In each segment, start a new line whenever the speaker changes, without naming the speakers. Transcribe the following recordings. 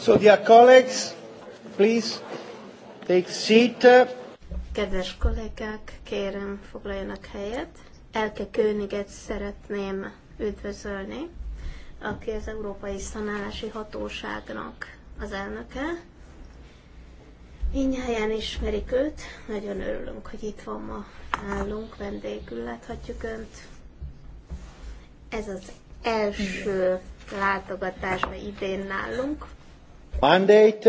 So dear colleagues, please
take seat. Kedves kollégák, kérem foglaljanak helyet. Elke Königet szeretném üdvözölni, aki az Európai Szanálási Hatóságnak az elnöke. Innyiáján ismerik őt, nagyon örülünk, hogy itt van ma állunk vendégül láthatjuk önt. Ez az első látogatásba idén nálunk
mandate,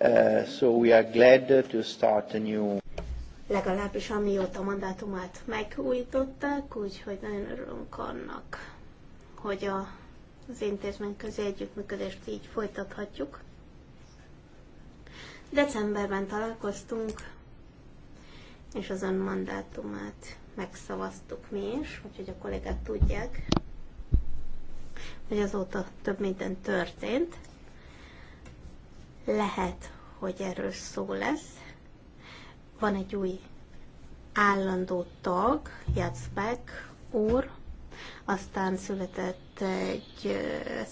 uh, so we are glad to start a new
legalábbis amióta a mandátumát megújították, úgyhogy nagyon örülünk annak, hogy a, az intézmény közé együttműködést így folytathatjuk. Decemberben találkoztunk, és az ön mandátumát megszavaztuk mi is, úgyhogy a kollégák tudják, hogy azóta több minden történt. Lehet, hogy erről szó lesz. Van egy új állandó tag, Jacbek úr, aztán született egy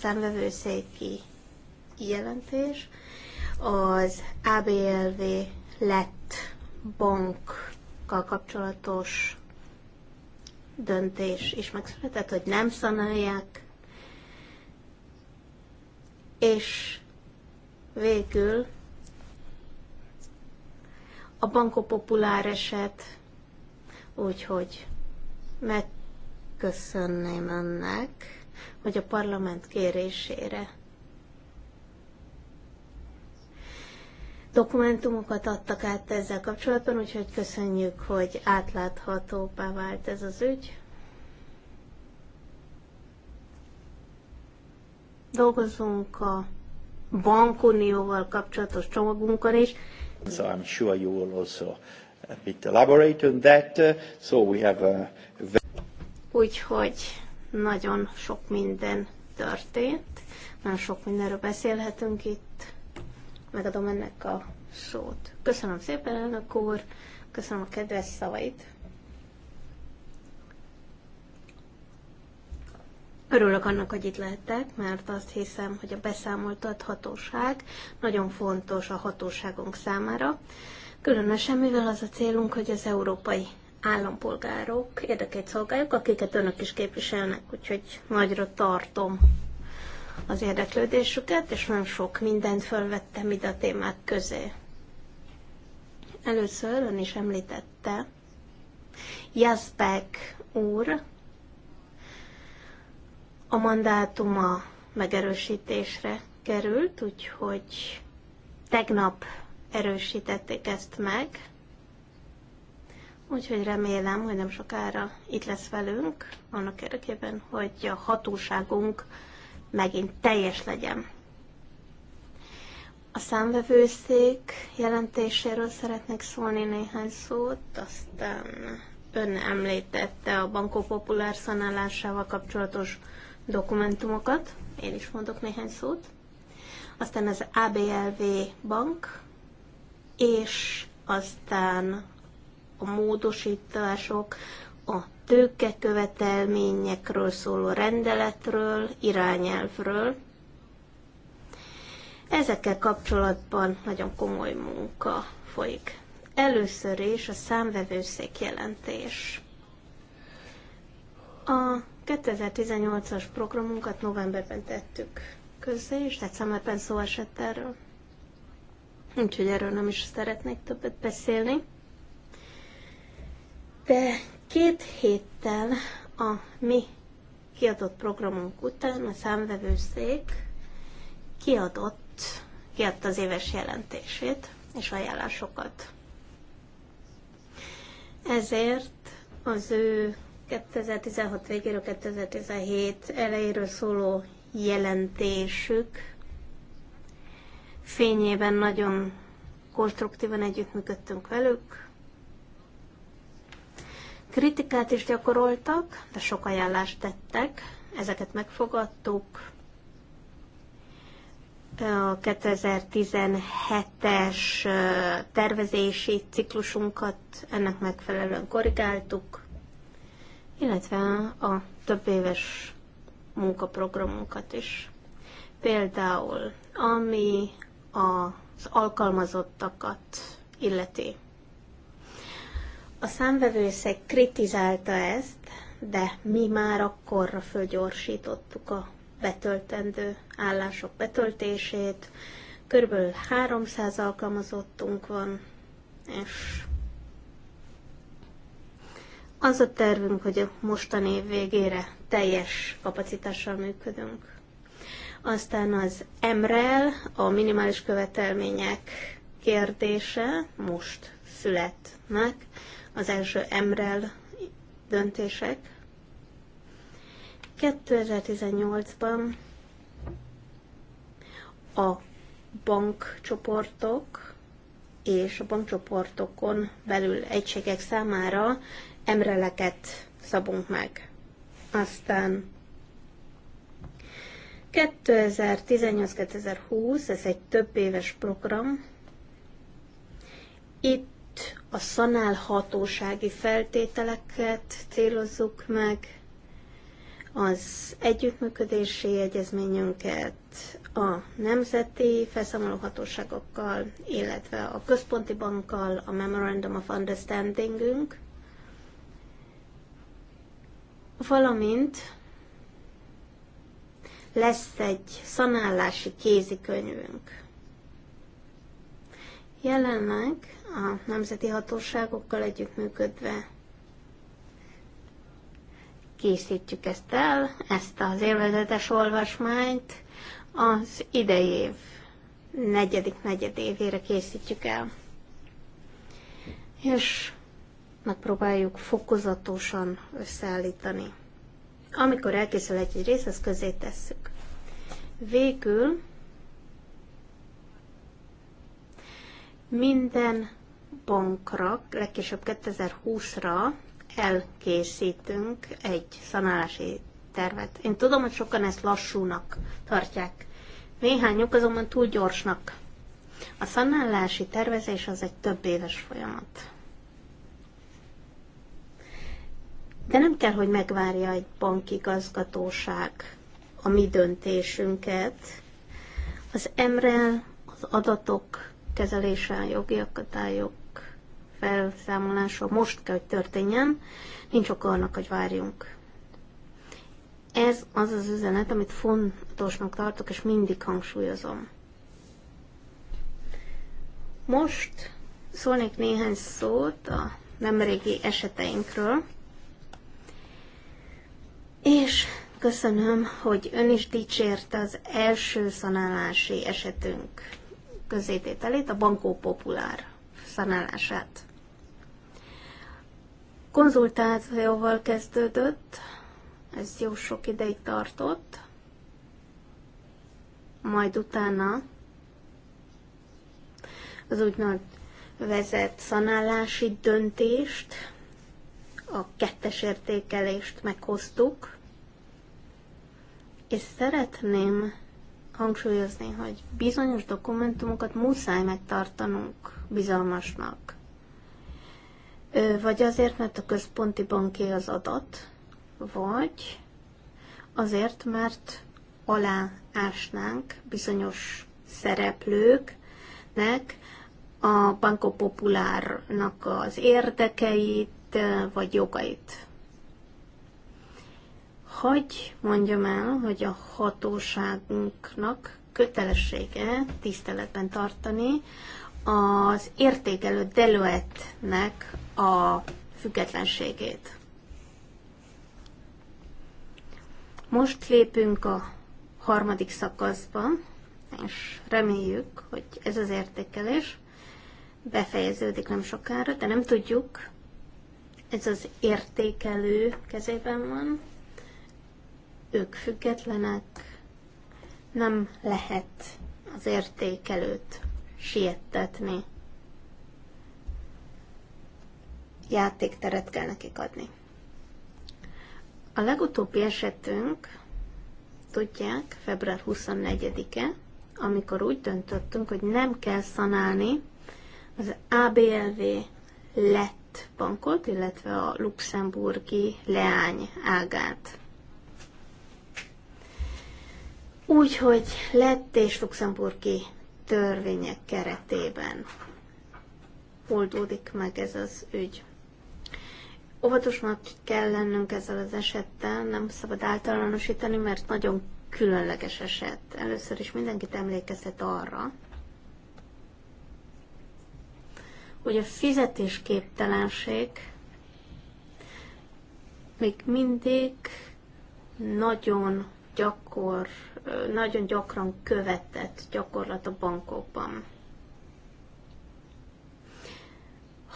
szemvevőszéki jelentés, az ABLV lett bankkal kapcsolatos döntés is megszületett, hogy nem szanálják, és végül a Banco Populár eset, úgyhogy megköszönném önnek, hogy a parlament kérésére dokumentumokat adtak át ezzel kapcsolatban, úgyhogy köszönjük, hogy átláthatóbbá vált ez az ügy. Dolgozunk a bankunióval kapcsolatos csomagunkon is.
So I'm sure you will also a bit elaborate on that. Uh, so we have a...
Úgyhogy nagyon sok minden történt, nagyon sok mindenről beszélhetünk itt. Megadom ennek a szót. Köszönöm szépen, elnök úr, köszönöm a kedves szavait. Örülök annak, hogy itt lehettek, mert azt hiszem, hogy a hatóság nagyon fontos a hatóságunk számára. Különösen, mivel az a célunk, hogy az európai állampolgárok érdekét szolgáljuk, akiket önök is képviselnek, úgyhogy nagyra tartom az érdeklődésüket, és nagyon sok mindent felvettem ide a témák közé. Először ön is említette, Jaszbek úr a mandátuma megerősítésre került, úgyhogy tegnap erősítették ezt meg. Úgyhogy remélem, hogy nem sokára itt lesz velünk, annak érdekében, hogy a hatóságunk megint teljes legyen. A számvevőszék jelentéséről szeretnék szólni néhány szót, aztán ön említette a bankó populár szanálásával kapcsolatos dokumentumokat, én is mondok néhány szót, aztán az ABLV bank, és aztán a módosítások, a tőkekövetelményekről szóló rendeletről, irányelvről. Ezekkel kapcsolatban nagyon komoly munka folyik. Először is a számvevőszék jelentés. A 2018-as programunkat novemberben tettük közzé, és decemberben szó esett erről. Úgyhogy erről nem is szeretnék többet beszélni. De két héttel a mi kiadott programunk után a számvevőszék kiadott, kiadta az éves jelentését és ajánlásokat. Ezért az ő 2016 végéről 2017 elejéről szóló jelentésük fényében nagyon konstruktívan együttműködtünk velük. Kritikát is gyakoroltak, de sok ajánlást tettek, ezeket megfogadtuk. A 2017-es tervezési ciklusunkat ennek megfelelően korrigáltuk illetve a több éves munkaprogramunkat is. Például, ami az alkalmazottakat illeti. A számvevőszék kritizálta ezt, de mi már akkorra fölgyorsítottuk a betöltendő állások betöltését. Körülbelül 300 alkalmazottunk van, és az a tervünk, hogy a mostani év végére teljes kapacitással működünk. Aztán az MREL, a minimális követelmények kérdése most születnek, az első MREL döntések. 2018-ban a bankcsoportok és a bankcsoportokon belül egységek számára emreleket szabunk meg. Aztán 2018-2020, ez egy több éves program. Itt a szanálhatósági feltételeket célozzuk meg, az együttműködési egyezményünket a nemzeti felszámolóhatóságokkal, illetve a központi bankkal, a Memorandum of Understandingünk, valamint lesz egy szanálási kézikönyvünk. Jelenleg a nemzeti hatóságokkal együttműködve készítjük ezt el, ezt az élvezetes olvasmányt az idei év negyedik negyedévére készítjük el. És megpróbáljuk fokozatosan összeállítani. Amikor elkészül egy rész, ezt közé tesszük. Végül minden bankra, legkésőbb 2020-ra elkészítünk egy szanálási tervet. Én tudom, hogy sokan ezt lassúnak tartják. Néhányuk azonban túl gyorsnak. A szanálási tervezés az egy több éves folyamat. De nem kell, hogy megvárja egy bankigazgatóság a mi döntésünket. Az MREL, az adatok kezelése, a jogi akadályok felszámolása most kell, hogy történjen, nincs oka annak, hogy várjunk. Ez az az üzenet, amit fontosnak tartok, és mindig hangsúlyozom. Most szólnék néhány szót a nemrégi eseteinkről és köszönöm, hogy ön is dicsérte az első szanálási esetünk közétételét, a Bankó Populár szanálását. Konzultációval kezdődött, ez jó sok ideig tartott, majd utána az úgynevezett vezet szanálási döntést, a kettes értékelést meghoztuk, és szeretném hangsúlyozni, hogy bizonyos dokumentumokat muszáj megtartanunk bizalmasnak. Vagy azért, mert a központi banké az adat, vagy azért, mert aláásnánk bizonyos szereplőknek a Banco Populárnak az érdekeit vagy jogait. Hogy mondjam el, hogy a hatóságunknak kötelessége tiszteletben tartani az értékelő delőetnek a függetlenségét. Most lépünk a harmadik szakaszba, és reméljük, hogy ez az értékelés befejeződik nem sokára, de nem tudjuk, ez az értékelő kezében van, ők függetlenek, nem lehet az értékelőt siettetni. Játékteret kell nekik adni. A legutóbbi esetünk, tudják, február 24-e, amikor úgy döntöttünk, hogy nem kell szanálni az ABLV lett bankot, illetve a luxemburgi leány ágát. Úgyhogy lett és luxemburgi törvények keretében oldódik meg ez az ügy. Óvatosnak kell lennünk ezzel az esettel, nem szabad általánosítani, mert nagyon különleges eset. Először is mindenkit emlékeztet arra, hogy a fizetésképtelenség még mindig nagyon gyakor, nagyon gyakran követett gyakorlat a bankokban.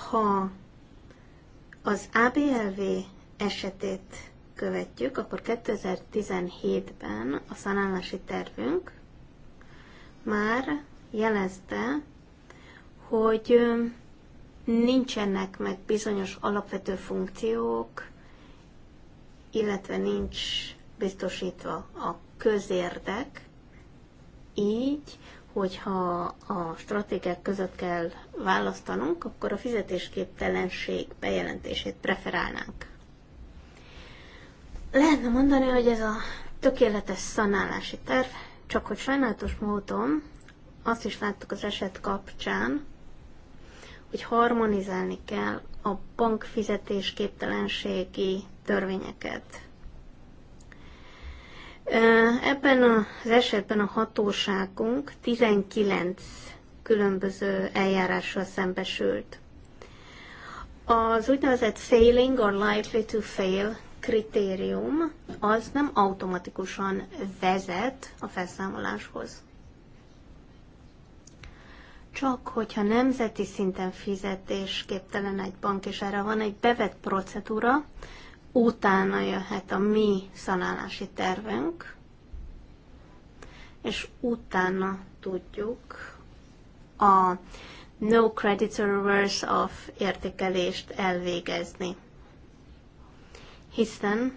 Ha az ABLV esetét követjük, akkor 2017-ben a szanálási tervünk már jelezte, hogy nincsenek meg bizonyos alapvető funkciók, illetve nincs biztosítva a közérdek, így, hogyha a stratégiák között kell választanunk, akkor a fizetésképtelenség bejelentését preferálnánk. Lehetne mondani, hogy ez a tökéletes szanálási terv, csak hogy sajnálatos módon azt is láttuk az eset kapcsán, hogy harmonizálni kell a bankfizetésképtelenségi törvényeket Ebben az esetben a hatóságunk 19 különböző eljárással szembesült. Az úgynevezett failing or likely to fail kritérium az nem automatikusan vezet a felszámoláshoz. Csak hogyha nemzeti szinten fizetésképtelen egy bank, és erre van egy bevett procedúra, utána jöhet a mi szanálási tervünk, és utána tudjuk a no creditor reverse of értékelést elvégezni. Hiszen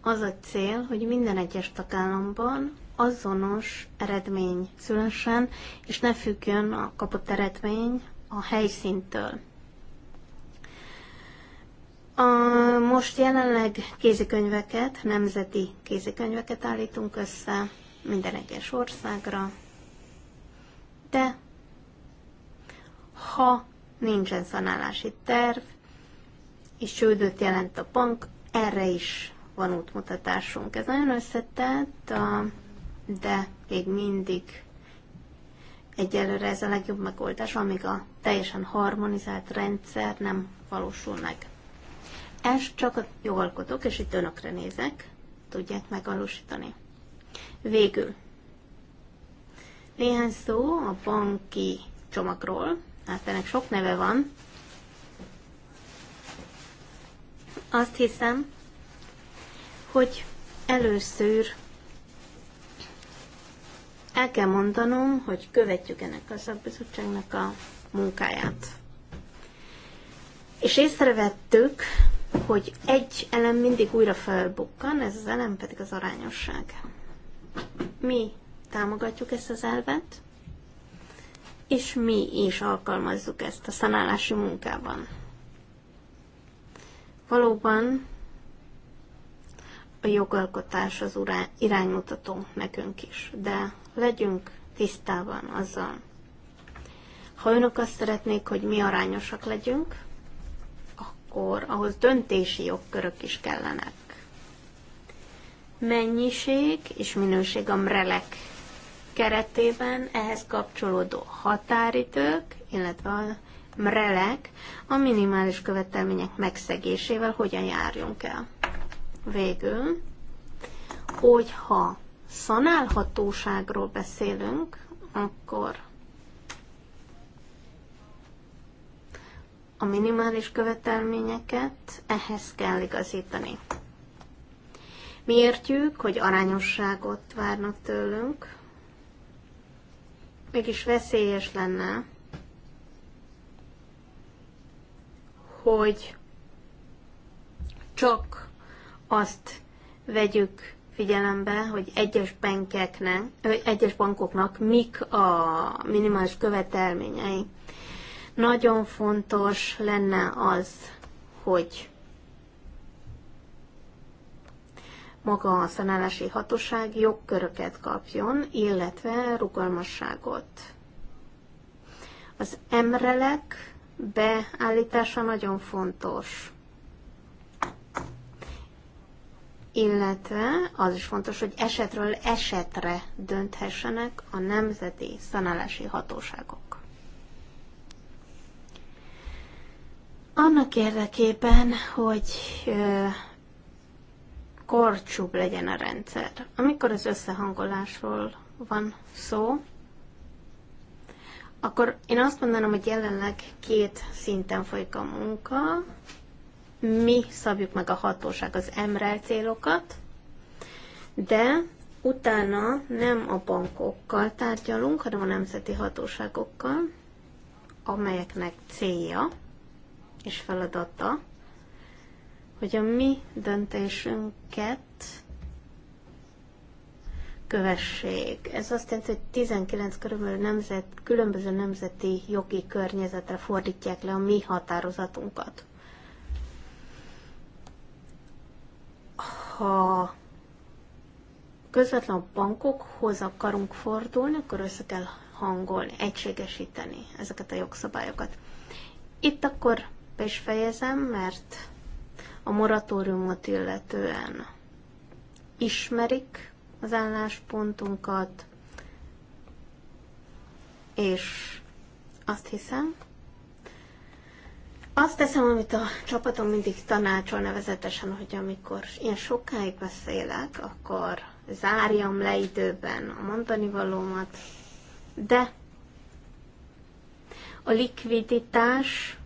az a cél, hogy minden egyes tagállamban azonos eredmény szülessen, és ne függjön a kapott eredmény a helyszíntől. A, most jelenleg kézikönyveket, nemzeti kézikönyveket állítunk össze minden egyes országra, de ha nincsen szanálási terv, és csődöt jelent a bank, erre is van útmutatásunk. Ez nagyon összetett, de még mindig egyelőre ez a legjobb megoldás, amíg a teljesen harmonizált rendszer nem valósul meg. Ezt csak a jogalkotók, és itt önökre nézek, tudják megvalósítani. Végül. Néhány szó a banki csomagról. Hát ennek sok neve van. Azt hiszem, hogy először el kell mondanom, hogy követjük ennek a szakbizottságnak a munkáját. És észrevettük, hogy egy elem mindig újra felbukkan, ez az elem pedig az arányosság. Mi támogatjuk ezt az elvet, és mi is alkalmazzuk ezt a szanálási munkában. Valóban a jogalkotás az iránymutató nekünk is, de legyünk tisztában azzal. Ha önök azt szeretnék, hogy mi arányosak legyünk, akkor ahhoz döntési jogkörök is kellenek. Mennyiség és minőség a mrelek keretében ehhez kapcsolódó határidők, illetve a mrelek a minimális követelmények megszegésével hogyan járjunk el. Végül, hogyha szanálhatóságról beszélünk, akkor a minimális követelményeket ehhez kell igazítani. Mi értjük, hogy arányosságot várnak tőlünk, mégis veszélyes lenne, hogy csak azt vegyük figyelembe, hogy egyes, bankeknek, egyes bankoknak mik a minimális követelményei. Nagyon fontos lenne az, hogy maga a szanálási hatóság jogköröket kapjon, illetve rugalmasságot. Az emrelek beállítása nagyon fontos. Illetve az is fontos, hogy esetről esetre dönthessenek a nemzeti szanálási hatóságok. Annak érdekében, hogy korcsúbb legyen a rendszer. Amikor az összehangolásról van szó, akkor én azt mondanám, hogy jelenleg két szinten folyik a munka. Mi szabjuk meg a hatóság az MREL célokat, de utána nem a bankokkal tárgyalunk, hanem a nemzeti hatóságokkal, amelyeknek célja, és feladata, hogy a mi döntésünket kövessék. Ez azt jelenti, hogy 19 körülbelül nemzet, különböző nemzeti jogi környezetre fordítják le a mi határozatunkat. Ha közvetlen bankokhoz akarunk fordulni, akkor össze kell hangolni, egységesíteni ezeket a jogszabályokat. Itt akkor be is fejezem, mert a moratóriumot illetően ismerik az álláspontunkat, és azt hiszem, azt teszem, amit a csapatom mindig tanácsol, nevezetesen, hogy amikor ilyen sokáig beszélek, akkor zárjam le időben a mondani valómat, de a likviditás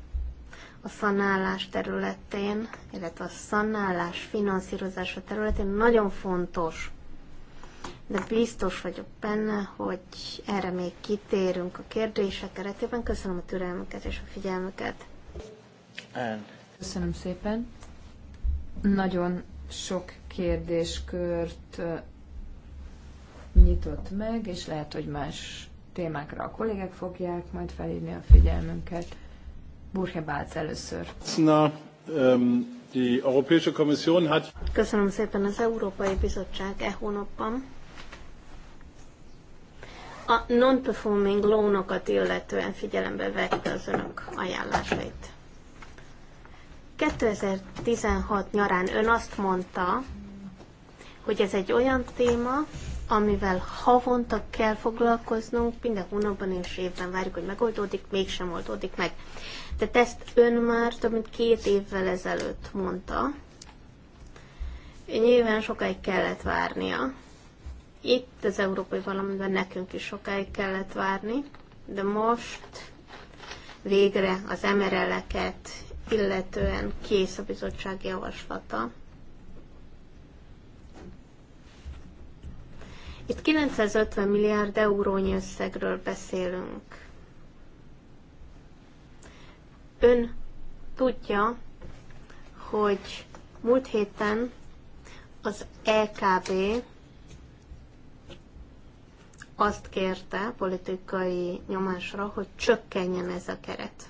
a szanálás területén, illetve a szanálás finanszírozása területén nagyon fontos. De biztos vagyok benne, hogy erre még kitérünk a kérdések keretében. Köszönöm a türelmüket és a figyelmüket.
Köszönöm szépen. Nagyon sok kérdéskört nyitott meg, és lehet, hogy más témákra a kollégák fogják majd felírni a figyelmünket.
Burke először. Ehm, Köszönöm szépen az Európai Bizottság e hónapban. A non-performing lónokat illetően figyelembe vette az önök ajánlásait. 2016 nyarán ön azt mondta, hogy ez egy olyan téma, amivel havonta kell foglalkoznunk, minden hónapban és évben várjuk, hogy megoldódik, mégsem oldódik meg. Tehát ezt ön már több mint két évvel ezelőtt mondta. Nyilván sokáig kellett várnia. Itt az Európai Parlamentben nekünk is sokáig kellett várni, de most végre az emereleket illetően kész a bizottság javaslata. Itt 950 milliárd eurónyi összegről beszélünk. Ön tudja, hogy múlt héten az EKB azt kérte politikai nyomásra, hogy csökkenjen ez a keret.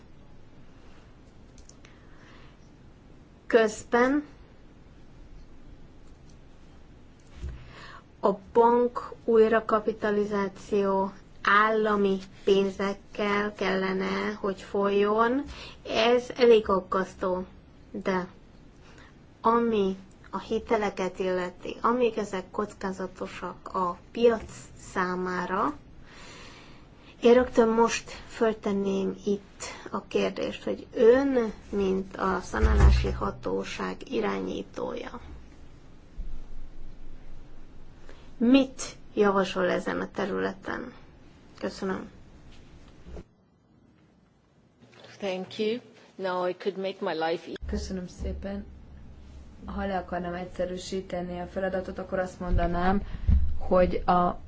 Közben a bank újrakapitalizáció állami pénzekkel kellene, hogy folyjon. Ez elég aggasztó, de ami a hiteleket illeti, amíg ezek kockázatosak a piac számára, én rögtön most föltenném itt a kérdést, hogy ön, mint a szanálási hatóság irányítója, mit javasol ezen a területen? Köszönöm.
Thank you. Now I could make my life e- Köszönöm szépen. Ha le
akarnám egyszerűsíteni a feladatot, akkor azt mondanám, hogy a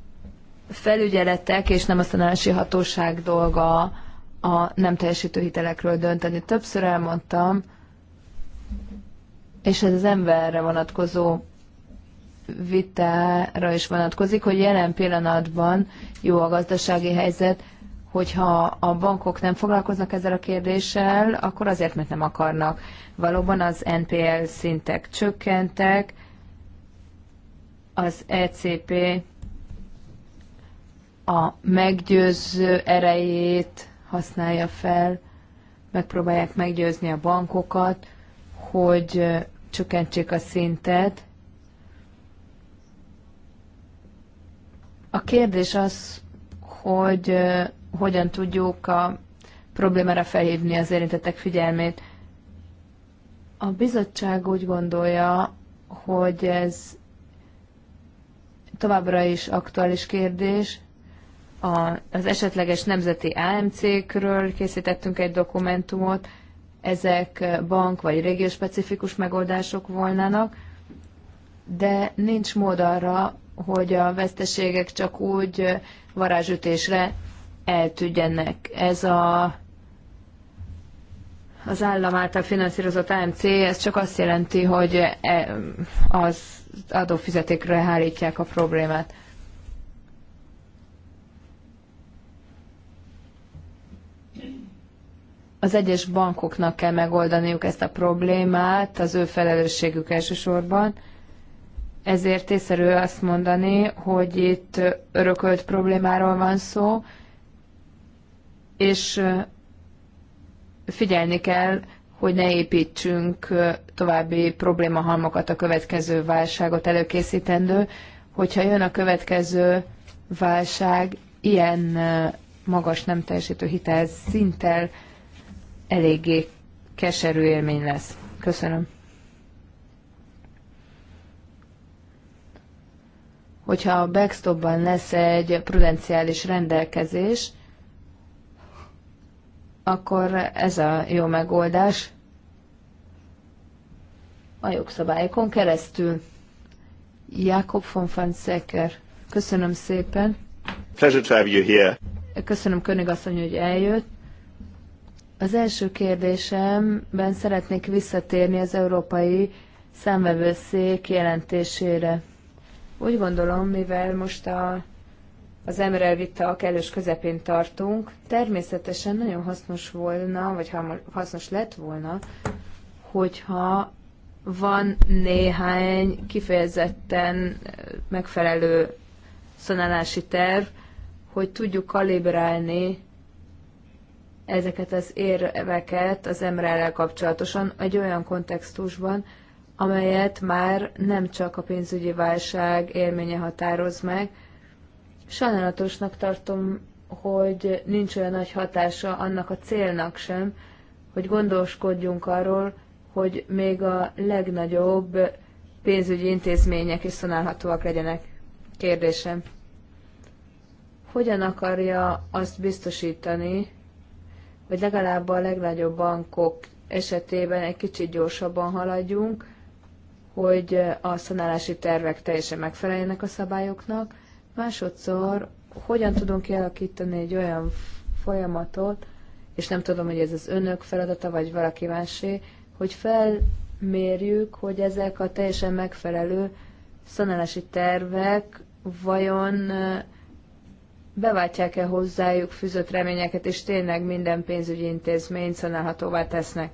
felügyeletek és nem a szanálási hatóság dolga a nem teljesítő hitelekről dönteni. Többször elmondtam, és ez az emberre vonatkozó vitára is vonatkozik, hogy jelen pillanatban jó a gazdasági helyzet, hogyha a bankok nem foglalkoznak ezzel a kérdéssel, akkor azért, mert nem akarnak. Valóban az NPL szintek csökkentek, az ECP a meggyőző erejét használja fel, megpróbálják meggyőzni a bankokat, hogy csökkentsék a szintet, A kérdés az, hogy hogyan tudjuk a problémára felhívni az érintettek figyelmét. A bizottság úgy gondolja, hogy ez továbbra is aktuális kérdés. A, az esetleges nemzeti AMC-kről készítettünk egy dokumentumot, ezek bank vagy specifikus megoldások volnának, de nincs mód arra, hogy a veszteségek csak úgy varázsütésre eltűnjenek. Ez a az állam által finanszírozott AMC, ez csak azt jelenti, hogy e, az adófizetékre hárítják a problémát. Az egyes bankoknak kell megoldaniuk ezt a problémát, az ő felelősségük elsősorban ezért észszerű azt mondani, hogy itt örökölt problémáról van szó, és figyelni kell, hogy ne építsünk további problémahalmokat a következő válságot előkészítendő, hogyha jön a következő válság, ilyen magas nem teljesítő hitel szinttel eléggé keserű élmény lesz. Köszönöm. hogyha a backstopban lesz egy prudenciális rendelkezés, akkor ez a jó megoldás a jogszabályokon keresztül. Jakob von Fanzeker, köszönöm szépen.
Pleasure to have you here.
Köszönöm Königasszony, hogy eljött. Az első kérdésemben szeretnék visszatérni az Európai Számvevőszék jelentésére. Úgy gondolom, mivel most a, az vitte a, kellős közepén tartunk, természetesen nagyon hasznos volna, vagy hasznos lett volna, hogyha van néhány kifejezetten eh, megfelelő szonálási terv, hogy tudjuk kalibrálni ezeket az érveket az mrl kapcsolatosan egy olyan kontextusban, amelyet már nem csak a pénzügyi válság élménye határoz meg. Sajnálatosnak tartom, hogy nincs olyan nagy hatása annak a célnak sem, hogy gondoskodjunk arról, hogy még a legnagyobb pénzügyi intézmények is szonálhatóak legyenek. Kérdésem. Hogyan akarja azt biztosítani, hogy legalább a legnagyobb bankok esetében egy kicsit gyorsabban haladjunk, hogy a szanálási tervek teljesen megfeleljenek a szabályoknak. Másodszor, hogyan tudunk kialakítani egy olyan folyamatot, és nem tudom, hogy ez az önök feladata, vagy valaki másé, hogy felmérjük, hogy ezek a teljesen megfelelő szanálási tervek vajon beváltják-e hozzájuk fűzött reményeket, és tényleg minden pénzügyi intézmény szanálhatóvá tesznek.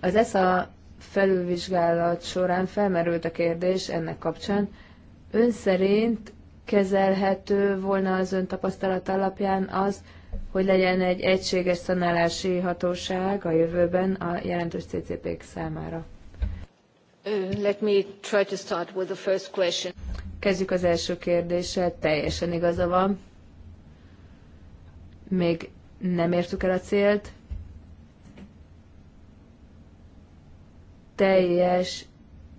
Az ESZA felülvizsgálat során felmerült a kérdés ennek kapcsán. Ön szerint kezelhető volna az ön tapasztalat alapján az, hogy legyen egy egységes szanálási hatóság a jövőben a jelentős CCP-k számára?
Let me try to start with the first question.
Kezdjük az első kérdéssel, teljesen igaza van. Még nem értük el a célt, teljes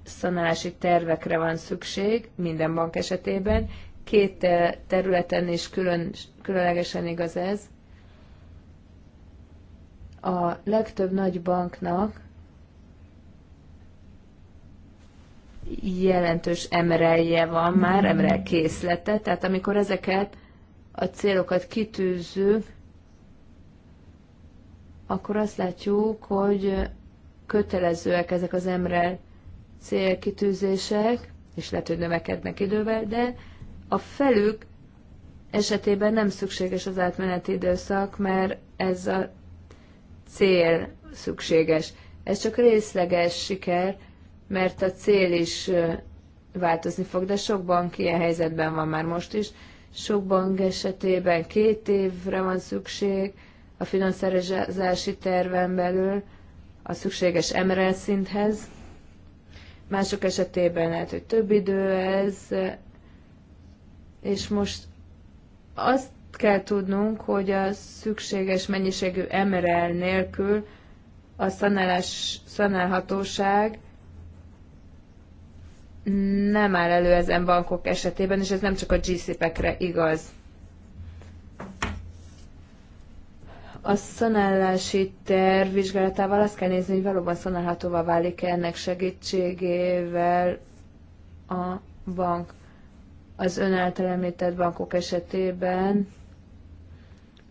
szanálási tervekre van szükség minden bank esetében. Két eh, területen is külön, különlegesen igaz ez. A legtöbb nagy banknak jelentős emrelje van már, emrel készlete, tehát amikor ezeket a célokat kitűzzük, akkor azt látjuk, hogy kötelezőek ezek az emre célkitűzések, és lehet, hogy növekednek idővel, de a felük esetében nem szükséges az átmeneti időszak, mert ez a cél szükséges. Ez csak részleges siker, mert a cél is változni fog, de sok bank ilyen helyzetben van már most is. Sok bank esetében két évre van szükség a finanszírozási terven belül, a szükséges MRL szinthez, mások esetében lehet, hogy több idő ez, és most azt kell tudnunk, hogy a szükséges mennyiségű MRL nélkül a szanálás, szanálhatóság nem áll elő ezen bankok esetében, és ez nem csak a g igaz. A szanálási terv vizsgálatával azt kell nézni, hogy valóban szanálhatóvá válik -e ennek segítségével a bank. Az ön által említett bankok esetében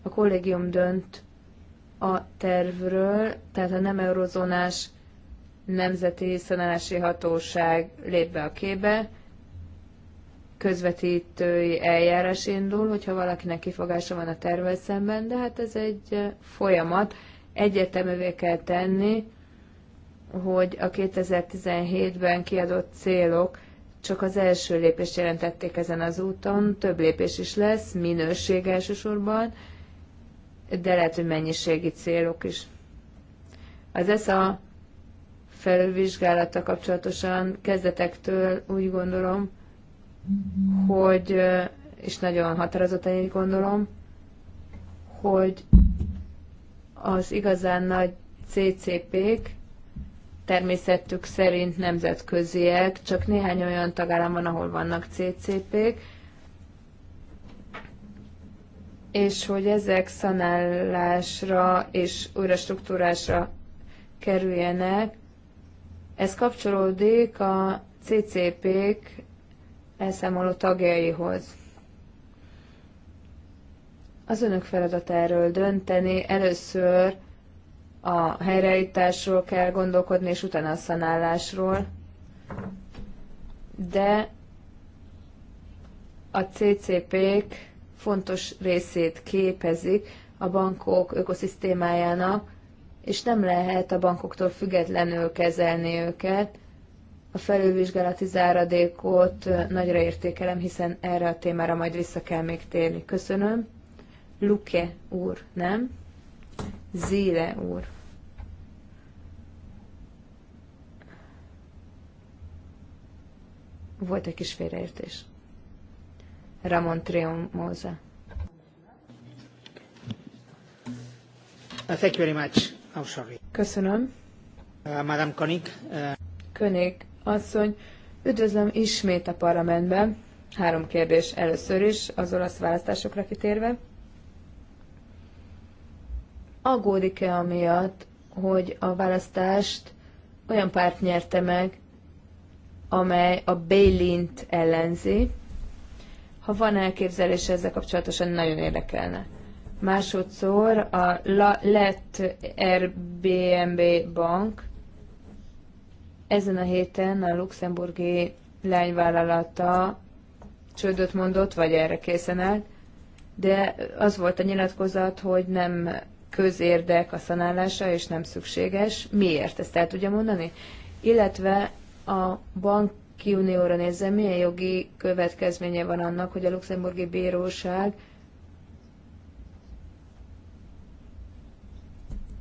a kollégium dönt a tervről, tehát a nem eurozónás nemzeti szanálási hatóság lép be a kébe, közvetítői eljárás indul, hogyha valakinek kifogása van a tervel szemben, de hát ez egy eh, folyamat. Egyértelművé kell tenni, hogy a 2017-ben kiadott célok csak az első lépést jelentették ezen az úton, több lépés is lesz, minőség elsősorban, de lehet, hogy mennyiségi célok is. Az ESA felülvizsgálata kapcsolatosan kezdetektől úgy gondolom, hogy, és nagyon határozottan így gondolom, hogy az igazán nagy CCP-k természetük szerint nemzetköziek, csak néhány olyan tagállam van, ahol vannak CCP-k, és hogy ezek szanálásra és újra struktúrásra kerüljenek, ez kapcsolódik a CCP-k elszámoló tagjaihoz. Az önök feladata erről dönteni. Először a helyreállításról kell gondolkodni, és utána a szanálásról. De a CCP-k fontos részét képezik a bankok ökoszisztémájának, és nem lehet a bankoktól függetlenül kezelni őket, a felülvizsgálati záradékot nagyra értékelem, hiszen erre a témára majd vissza kell még térni. Köszönöm. Luke úr, nem? Zile úr. Volt egy kis félreértés. Ramon Triomóza. Thank you very much. I'm oh, sorry. Köszönöm. Uh, Madame Koenig. Uh... König asszony. Üdvözlöm ismét a parlamentben. Három kérdés először is az olasz választásokra kitérve. Aggódik-e amiatt, hogy a választást olyan párt nyerte meg, amely a Bélint ellenzi? Ha van elképzelése ezzel kapcsolatosan, nagyon érdekelne. Másodszor a La- lett RBMB bank ezen a héten a luxemburgi lányvállalata csődöt mondott, vagy erre készen állt, de az volt a nyilatkozat, hogy nem közérdek a szanálása, és nem szükséges. Miért? Ezt el tudja mondani? Illetve a banki unióra nézve, milyen jogi következménye van annak, hogy a luxemburgi bíróság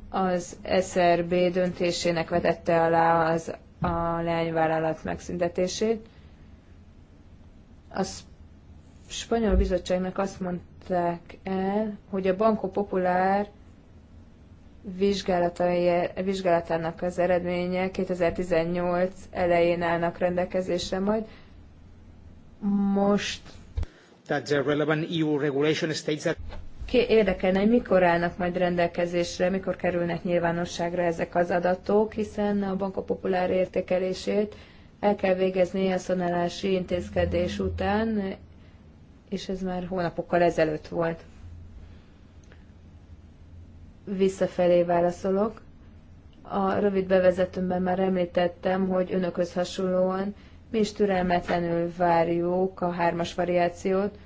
az SRB döntésének vetette alá az a leányvállalat megszüntetését. A spanyol bizottságnak azt mondták el, hogy a Banco Popular vizsgálatának az eredménye 2018 elején állnak rendelkezésre majd. Most
that the relevant EU regulation states that
érdekelne, hogy mikor állnak majd rendelkezésre, mikor kerülnek nyilvánosságra ezek az adatok, hiszen a Banka Populár értékelését el kell végezni a szonálási intézkedés után, és ez már hónapokkal ezelőtt volt. Visszafelé válaszolok. A rövid bevezetőmben már említettem, hogy önökhöz hasonlóan mi is türelmetlenül várjuk a hármas variációt,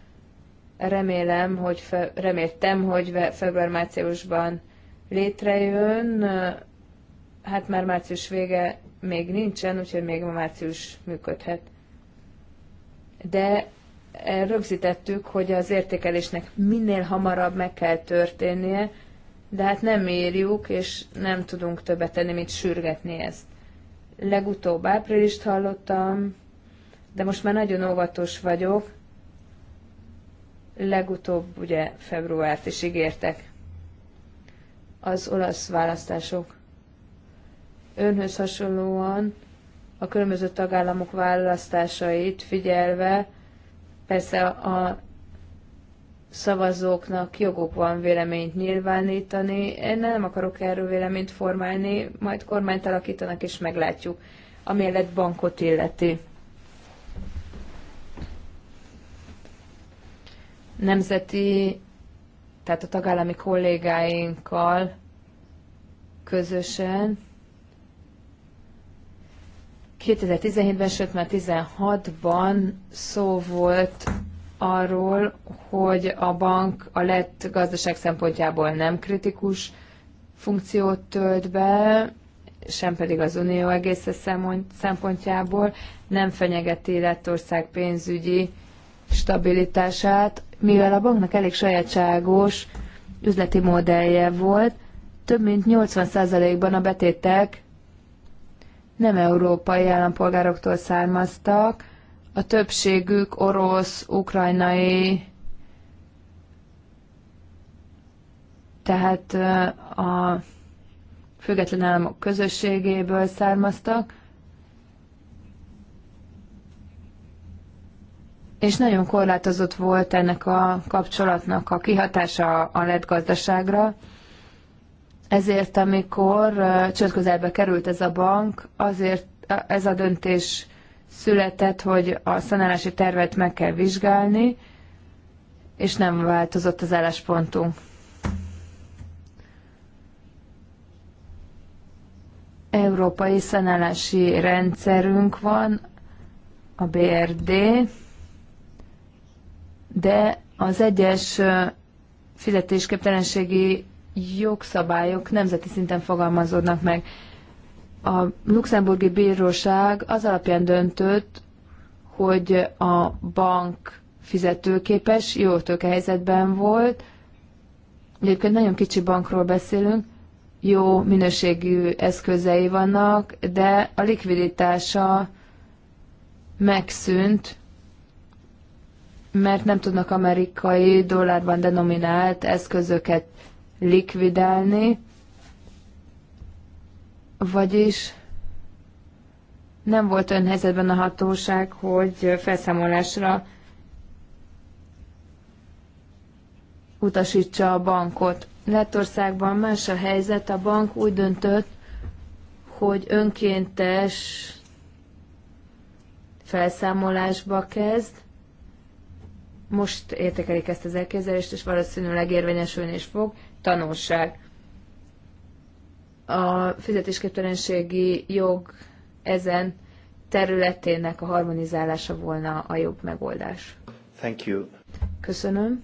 remélem, hogy fe, reméltem, hogy február-márciusban létrejön. Hát már március vége még nincsen, úgyhogy még a március működhet. De e, rögzítettük, hogy az értékelésnek minél hamarabb meg kell történnie, de hát nem mérjük és nem tudunk többet tenni, mint sürgetni ezt. Legutóbb áprilist hallottam, de most már nagyon óvatos vagyok, Legutóbb ugye februárt is ígértek az olasz választások. Önhöz hasonlóan a különböző tagállamok választásait figyelve persze a szavazóknak joguk van véleményt nyilvánítani. Én nem akarok erről véleményt formálni, majd kormányt alakítanak és meglátjuk, ami bankot illeti. nemzeti, tehát a tagállami kollégáinkkal közösen 2017-ben, sőt már 16-ban szó volt arról, hogy a bank a lett gazdaság szempontjából nem kritikus funkciót tölt be, sem pedig az unió egész szempontjából nem fenyegeti Lettország pénzügyi stabilitását, mivel a banknak elég sajátságos üzleti modellje volt, több mint 80%-ban a betétek nem európai állampolgároktól származtak, a többségük orosz, ukrajnai, tehát a független államok közösségéből származtak, és nagyon korlátozott volt ennek a kapcsolatnak a kihatása a lett gazdaságra, ezért amikor csődközelbe került ez a bank, azért ez a döntés született, hogy a szanálási tervet meg kell vizsgálni, és nem változott az álláspontunk. Európai szanálási rendszerünk van, a BRD, de az egyes fizetésképtelenségi jogszabályok nemzeti szinten fogalmazódnak meg. A luxemburgi bíróság az alapján döntött, hogy a bank fizetőképes, jó helyzetben volt, egyébként nagyon kicsi bankról beszélünk, jó minőségű eszközei vannak, de a likviditása megszűnt, mert nem tudnak amerikai dollárban denominált eszközöket likvidálni, vagyis nem volt olyan helyzetben a hatóság, hogy felszámolásra utasítsa a bankot. Lettországban más a helyzet, a bank úgy döntött, hogy önkéntes felszámolásba kezd, most értekelik ezt az elképzelést, és valószínűleg érvényesülni is fog. Tanulság. A fizetésképtelenségi jog ezen területének a harmonizálása volna a jobb megoldás. Thank you. Köszönöm.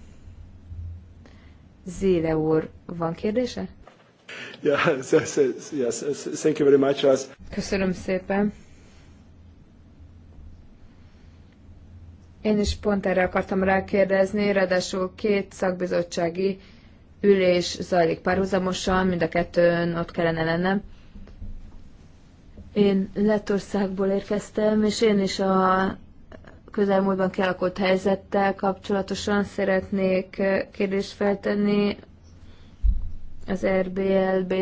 Zéle úr, van kérdése?
Yes, yes,
yes, thank you very much.
Köszönöm szépen. Én is pont erre akartam rákérdezni, ráadásul két szakbizottsági ülés zajlik párhuzamosan, mind a kettőn ott kellene lennem. Én Lettországból érkeztem, és én is a közelmúltban kialakult helyzettel kapcsolatosan szeretnék kérdést feltenni az RBLB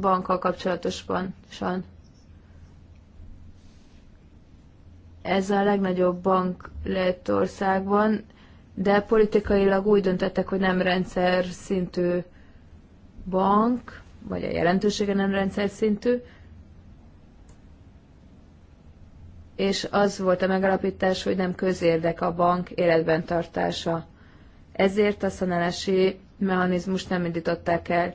bankkal kapcsolatosan. Ez a legnagyobb bank országban, de politikailag úgy döntettek, hogy nem rendszer szintű bank, vagy a jelentősége nem rendszer szintű, és az volt a megalapítás, hogy nem közérdek a bank életben tartása. Ezért a szanelesi mechanizmust nem indították el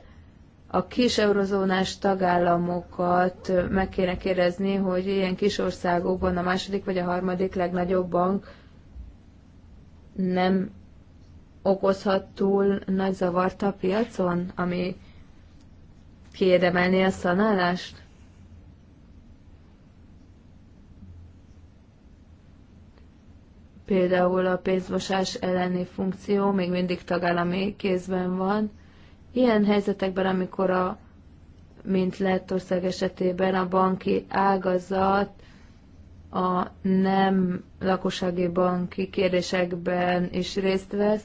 a kis eurozónás tagállamokat meg kéne kérdezni, hogy ilyen kis országokban a második vagy a harmadik legnagyobb bank nem okozhat túl nagy zavart a piacon, ami kiérdemelné a szanálást? Például a pénzmosás elleni funkció még mindig tagállami kézben van, Ilyen helyzetekben, amikor a, mint Lettország esetében a banki ágazat a nem lakossági banki kérdésekben is részt vesz,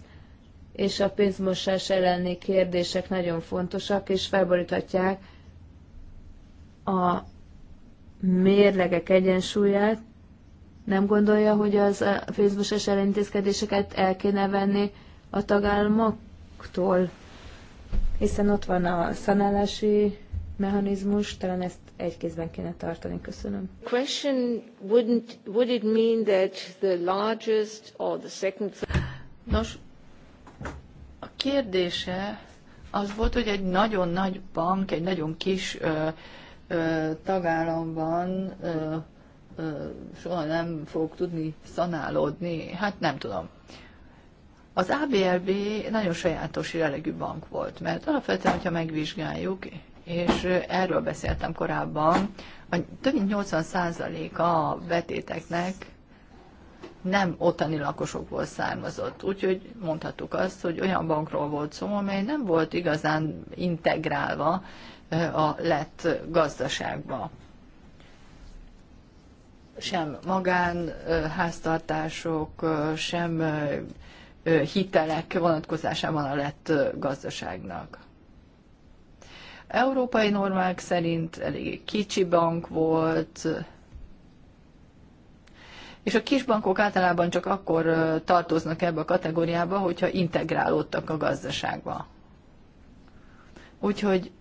és a pénzmosás elleni kérdések nagyon fontosak, és felboríthatják a mérlegek egyensúlyát. Nem gondolja, hogy az a pénzmosás ellenintézkedéseket el kéne venni a tagállamoktól? hiszen ott van a szanálási mechanizmus, talán ezt egy kézben kéne tartani. Köszönöm.
Question wouldn't,
would it mean that the largest or the second... Nos, a kérdése az volt, hogy egy nagyon nagy bank, egy nagyon kis ö, ö, tagállamban ö, ö, soha nem fog tudni szanálódni. Hát nem tudom. Az ABLB nagyon sajátos jellegű bank volt, mert alapvetően, hogyha megvizsgáljuk, és erről beszéltem korábban, a több mint 80%-a a betéteknek nem ottani lakosokból származott. Úgyhogy mondhattuk azt, hogy olyan bankról volt szó, amely nem volt igazán integrálva a lett gazdaságba. Sem magánháztartások, sem hitelek vonatkozásában a lett gazdaságnak. Európai normák szerint elég kicsi bank volt, és a kisbankok általában csak akkor tartoznak ebbe a kategóriába, hogyha integrálódtak a gazdaságba. Úgyhogy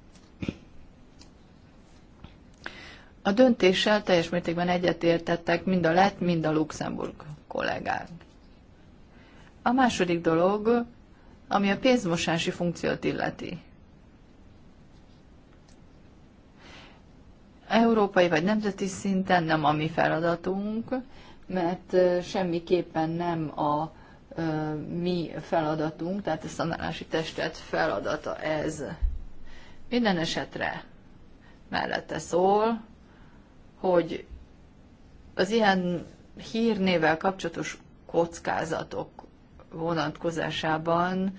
a döntéssel teljes mértékben egyetértettek mind a lett, mind a Luxemburg kollégák. A második dolog, ami a pénzmosási funkciót illeti. Európai vagy nemzeti szinten nem a mi feladatunk, mert semmiképpen nem a mi feladatunk, tehát a szanálási testet feladata ez. Minden esetre mellette szól, hogy az ilyen hírnével kapcsolatos kockázatok vonatkozásában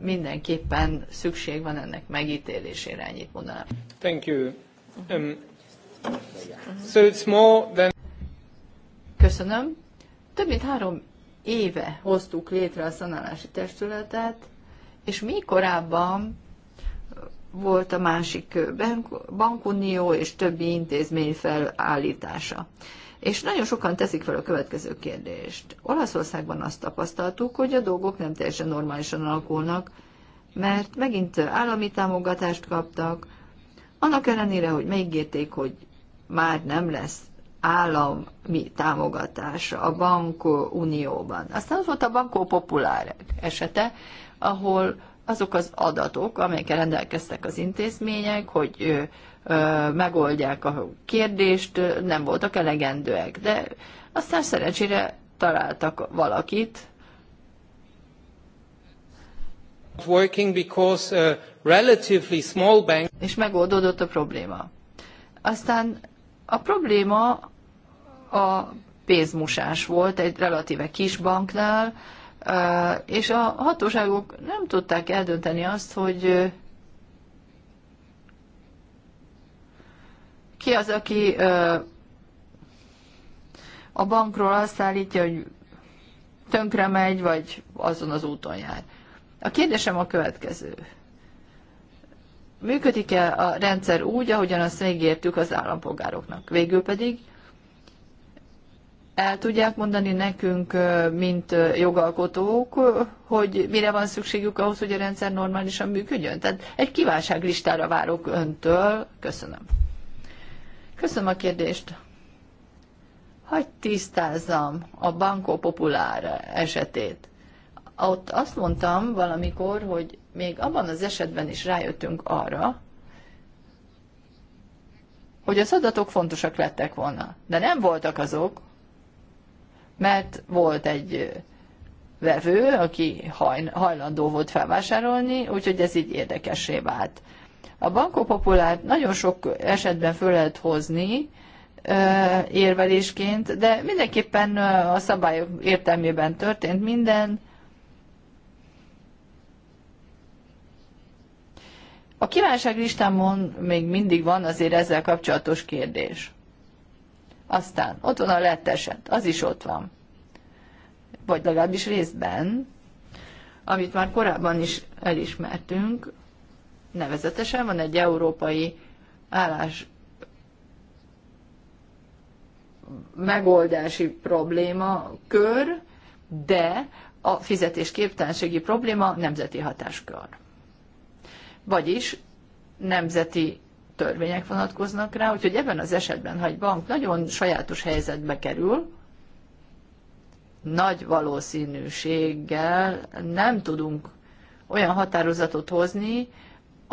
mindenképpen szükség van ennek megítélésére, ennyit mondanám. Thank you. Um, so it's more than... Köszönöm. Több mint három éve hoztuk létre a szanálási testületet, és mi korábban volt a másik bankunió és többi intézmény felállítása. És nagyon sokan teszik fel a következő kérdést. Olaszországban azt tapasztaltuk, hogy a dolgok nem teljesen normálisan alakulnak, mert megint állami támogatást kaptak, annak ellenére, hogy megígérték, hogy már nem lesz állami támogatás a bankunióban. Aztán az volt a bankó populár esete, ahol azok az adatok, amelyekkel rendelkeztek az intézmények, hogy megoldják a kérdést, nem voltak elegendőek. De aztán szerencsére találtak valakit. Working because relatively small bank... És megoldódott a probléma. Aztán a probléma a pénzmusás volt egy relatíve kis banknál, és a hatóságok nem tudták eldönteni azt, hogy Ki az, aki a bankról azt állítja, hogy tönkre megy, vagy azon az úton jár. A kérdésem a következő. Működik-e a rendszer úgy, ahogyan azt megértük az állampolgároknak? Végül pedig el tudják mondani nekünk, mint jogalkotók, hogy mire van szükségük ahhoz, hogy a rendszer normálisan működjön? Tehát egy listára várok öntől. Köszönöm. Köszönöm a kérdést. Hagy tisztázzam a Banco Populára esetét. Ott azt mondtam valamikor, hogy még abban az esetben is rájöttünk arra, hogy az adatok fontosak lettek volna, de nem voltak azok, mert volt egy vevő, aki hajlandó volt felvásárolni, úgyhogy ez így érdekessé vált. A Banco nagyon sok esetben föl lehet hozni érvelésként, de mindenképpen a szabályok értelmében történt minden. A kívánság listámon még mindig van azért ezzel kapcsolatos kérdés. Aztán ott van a lett eset, az is ott van. Vagy legalábbis részben, amit már korábban is elismertünk, Nevezetesen van egy európai állás megoldási probléma kör, de a fizetésképtelenségi probléma nemzeti hatáskör. Vagyis nemzeti törvények vonatkoznak rá, úgyhogy ebben az esetben, ha egy bank nagyon sajátos helyzetbe kerül, nagy valószínűséggel nem tudunk olyan határozatot hozni,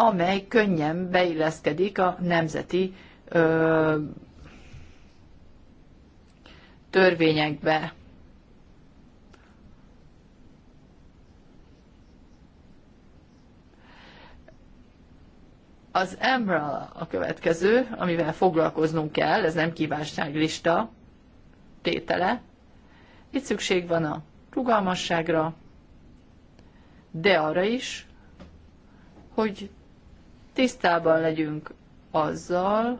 amely könnyen beilleszkedik a nemzeti ö, törvényekbe. Az umbrella a következő, amivel foglalkoznunk kell, ez nem kívánságlista tétele. Itt szükség van a rugalmasságra, de arra is, hogy tisztában legyünk azzal,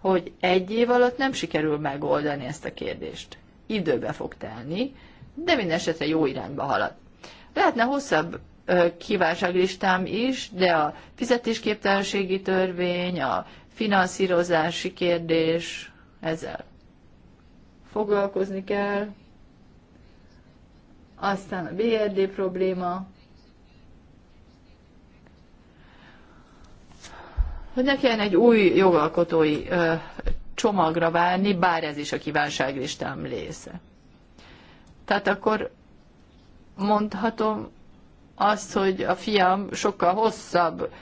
hogy egy év alatt nem sikerül megoldani ezt a kérdést. Időbe fog telni, de minden esetre jó irányba halad. Lehetne hosszabb kívánságlistám is, de a fizetésképtelenségi törvény, a finanszírozási kérdés, ezzel foglalkozni kell. Aztán a BRD probléma, hogy ne kelljen egy új jogalkotói csomagra várni, bár ez is a kívánságlistám része. Tehát akkor mondhatom azt, hogy a fiam sokkal hosszabb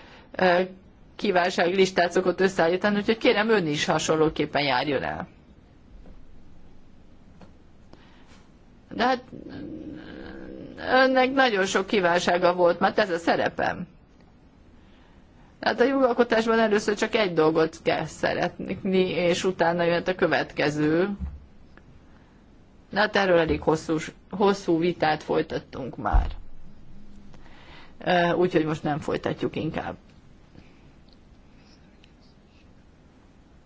kívánságlistát szokott összeállítani, úgyhogy kérem ön is hasonlóképpen járjon el. De hát önnek nagyon sok kívánsága volt, mert ez a szerepem. Hát a jogalkotásban először csak egy dolgot kell szeretni, és utána jöhet a következő. Na hát erről elég hosszú, hosszú vitát folytattunk már. Úgyhogy most nem folytatjuk inkább.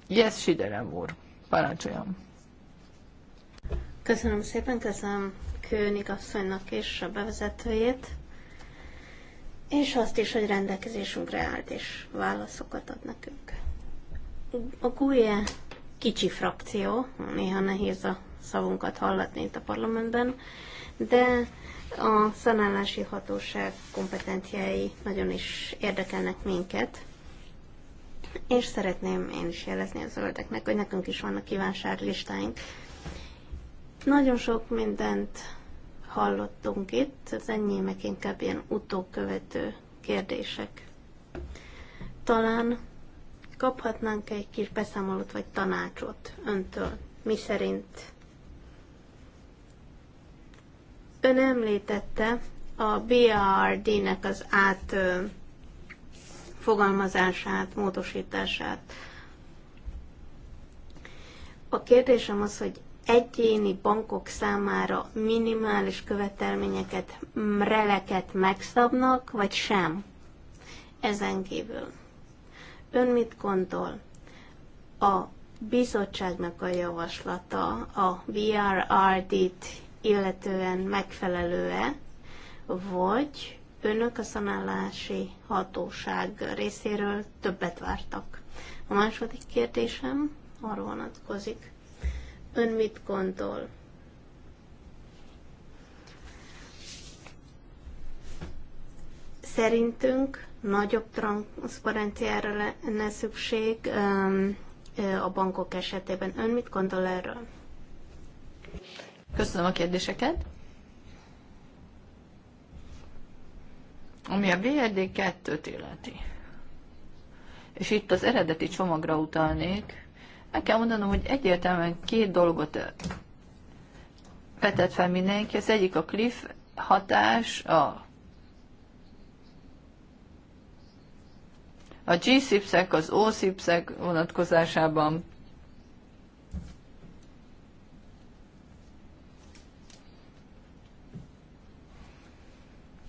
Yes, Siderem úr. Parancsoljam.
Köszönöm szépen, köszönöm Kőnik asszonynak és a bevezetőjét és azt is, hogy rendelkezésünkre állt, és válaszokat ad nekünk. A GUE kicsi frakció, néha nehéz a szavunkat hallatni itt a parlamentben, de a szanálási hatóság kompetenciái nagyon is érdekelnek minket, és szeretném én is jelezni a zöldeknek, hogy nekünk is vannak kívánság listáink. Nagyon sok mindent hallottunk itt, az enyémek inkább ilyen utókövető kérdések. Talán kaphatnánk egy kis beszámolót vagy tanácsot öntől, mi szerint. Ön említette a BRD-nek az át fogalmazását, módosítását. A kérdésem az, hogy egyéni bankok számára minimális követelményeket, releket megszabnak, vagy sem? Ezen kívül. Ön mit gondol? A bizottságnak a javaslata a VRRD-t illetően megfelelő-e, vagy önök a szanálási hatóság részéről többet vártak? A második kérdésem arról vonatkozik, ön mit gondol? Szerintünk nagyobb transzparenciára lenne szükség a bankok esetében. Ön mit gondol erről? Köszönöm a kérdéseket.
Ami a BRD 2-t illeti. És itt az eredeti csomagra utalnék, meg kell mondanom, hogy egyértelműen két dolgot vetett fel mindenki. Az egyik a cliff hatás, a a G-szipszek, az O-szipszek vonatkozásában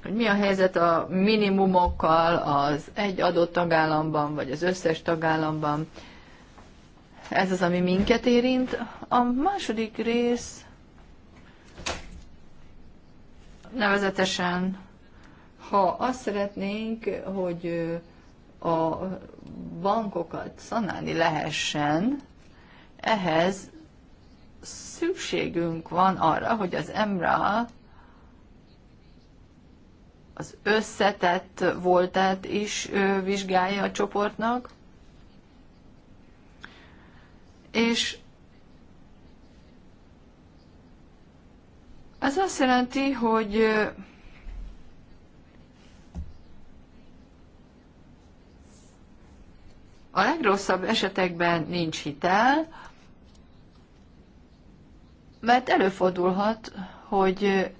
hogy mi a helyzet a minimumokkal az egy adott tagállamban, vagy az összes tagállamban ez az, ami minket érint. A második rész nevezetesen, ha azt szeretnénk, hogy a bankokat szanálni lehessen, ehhez szükségünk van arra, hogy az emra az összetett voltát is vizsgálja a csoportnak, és ez azt jelenti, hogy a legrosszabb esetekben nincs hitel, mert előfordulhat, hogy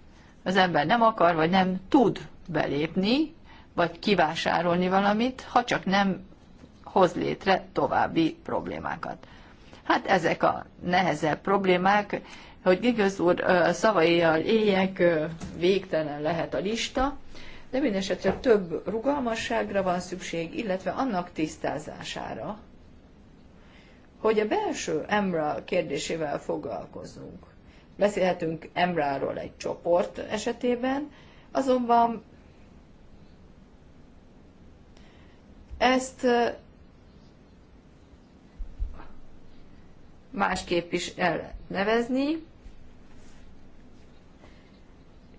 az ember nem akar, vagy nem tud belépni, vagy kivásárolni valamit, ha csak nem hoz létre további problémákat. Hát ezek a nehezebb problémák, hogy Gigöz úr szavaival éljek, végtelen lehet a lista, de mindesetre több rugalmasságra van szükség, illetve annak tisztázására, hogy a belső emra kérdésével foglalkozunk. Beszélhetünk emráról egy csoport esetében, azonban ezt másképp is elnevezni,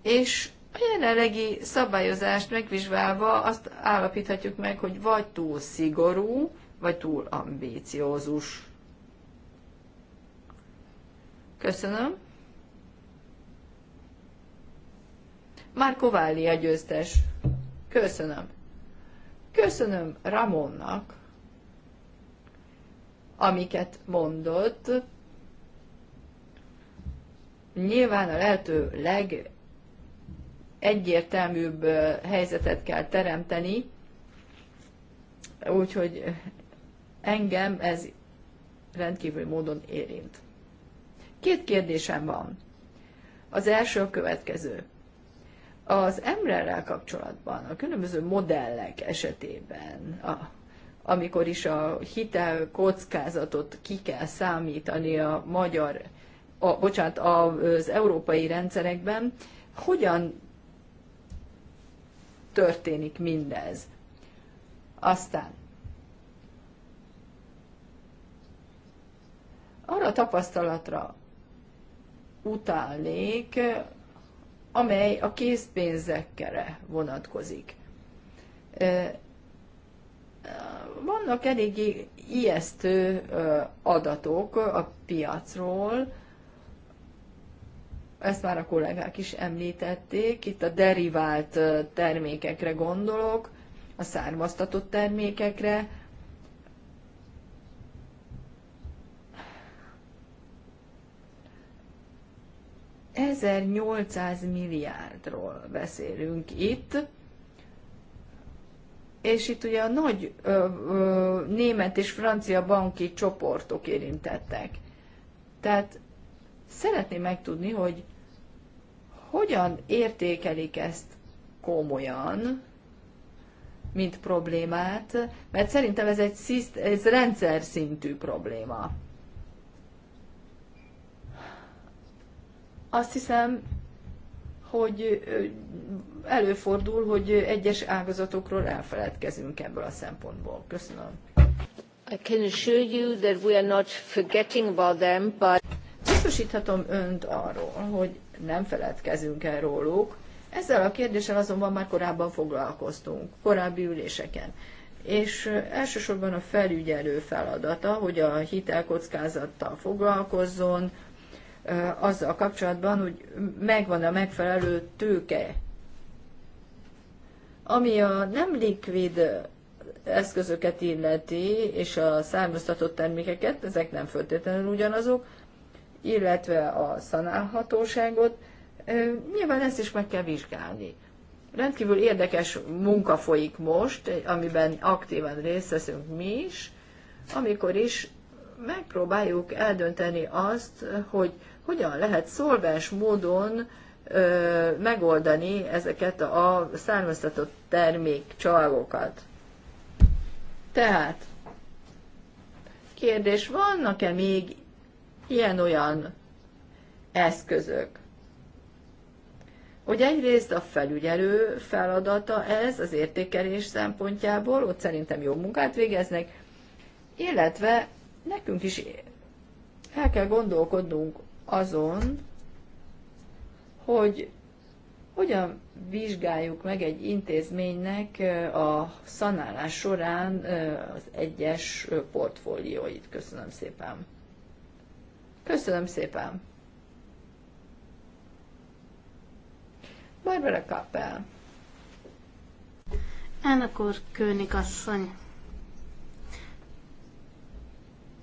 és a jelenlegi szabályozást megvizsgálva azt állapíthatjuk meg, hogy vagy túl szigorú, vagy túl ambíciózus. Köszönöm. Már Válli a győztes. Köszönöm. Köszönöm Ramonnak amiket mondott. Nyilván a lehető leg egyértelműbb helyzetet kell teremteni, úgyhogy engem ez rendkívül módon érint. Két kérdésem van. Az első a következő. Az emrel kapcsolatban, a különböző modellek esetében, a amikor is a hitel kockázatot ki kell számítani a magyar, a, bocsánat, az európai rendszerekben, hogyan történik mindez. Aztán arra a tapasztalatra utálnék, amely a készpénzekre vonatkozik vannak eléggé ijesztő adatok a piacról, ezt már a kollégák is említették, itt a derivált termékekre gondolok, a származtatott termékekre, Ezer milliárdról beszélünk itt, és itt ugye a nagy ö, ö, német és francia banki csoportok érintettek. Tehát szeretném megtudni, hogy hogyan értékelik ezt komolyan, mint problémát, mert szerintem ez egy sziszt, ez rendszer szintű probléma. Azt hiszem, hogy előfordul, hogy egyes ágazatokról elfeledkezünk ebből a szempontból. Köszönöm. I can assure you that we are not forgetting about them, but... Biztosíthatom önt arról, hogy nem feledkezünk el róluk. Ezzel a kérdéssel azonban már korábban foglalkoztunk, korábbi üléseken. És elsősorban a felügyelő feladata, hogy a hitelkockázattal foglalkozzon, azzal kapcsolatban, hogy megvan a megfelelő tőke. Ami a nem likvid eszközöket illeti, és a származtatott termékeket, ezek nem feltétlenül ugyanazok, illetve a szanálhatóságot, nyilván ezt is meg kell vizsgálni. Rendkívül érdekes munka folyik most, amiben aktívan részt veszünk mi is, amikor is megpróbáljuk eldönteni azt, hogy hogyan lehet szolvens módon ö, megoldani ezeket a származtatott termék csalókat. Tehát, kérdés, vannak-e még ilyen-olyan eszközök? Hogy egyrészt a felügyelő feladata ez az értékelés szempontjából, ott szerintem jó munkát végeznek, illetve nekünk is el kell gondolkodnunk azon, hogy hogyan vizsgáljuk meg egy intézménynek a szanálás során az egyes portfólióit. Köszönöm szépen. Köszönöm szépen.
Barbara Kappel. Elnök úr, Kőnik asszony,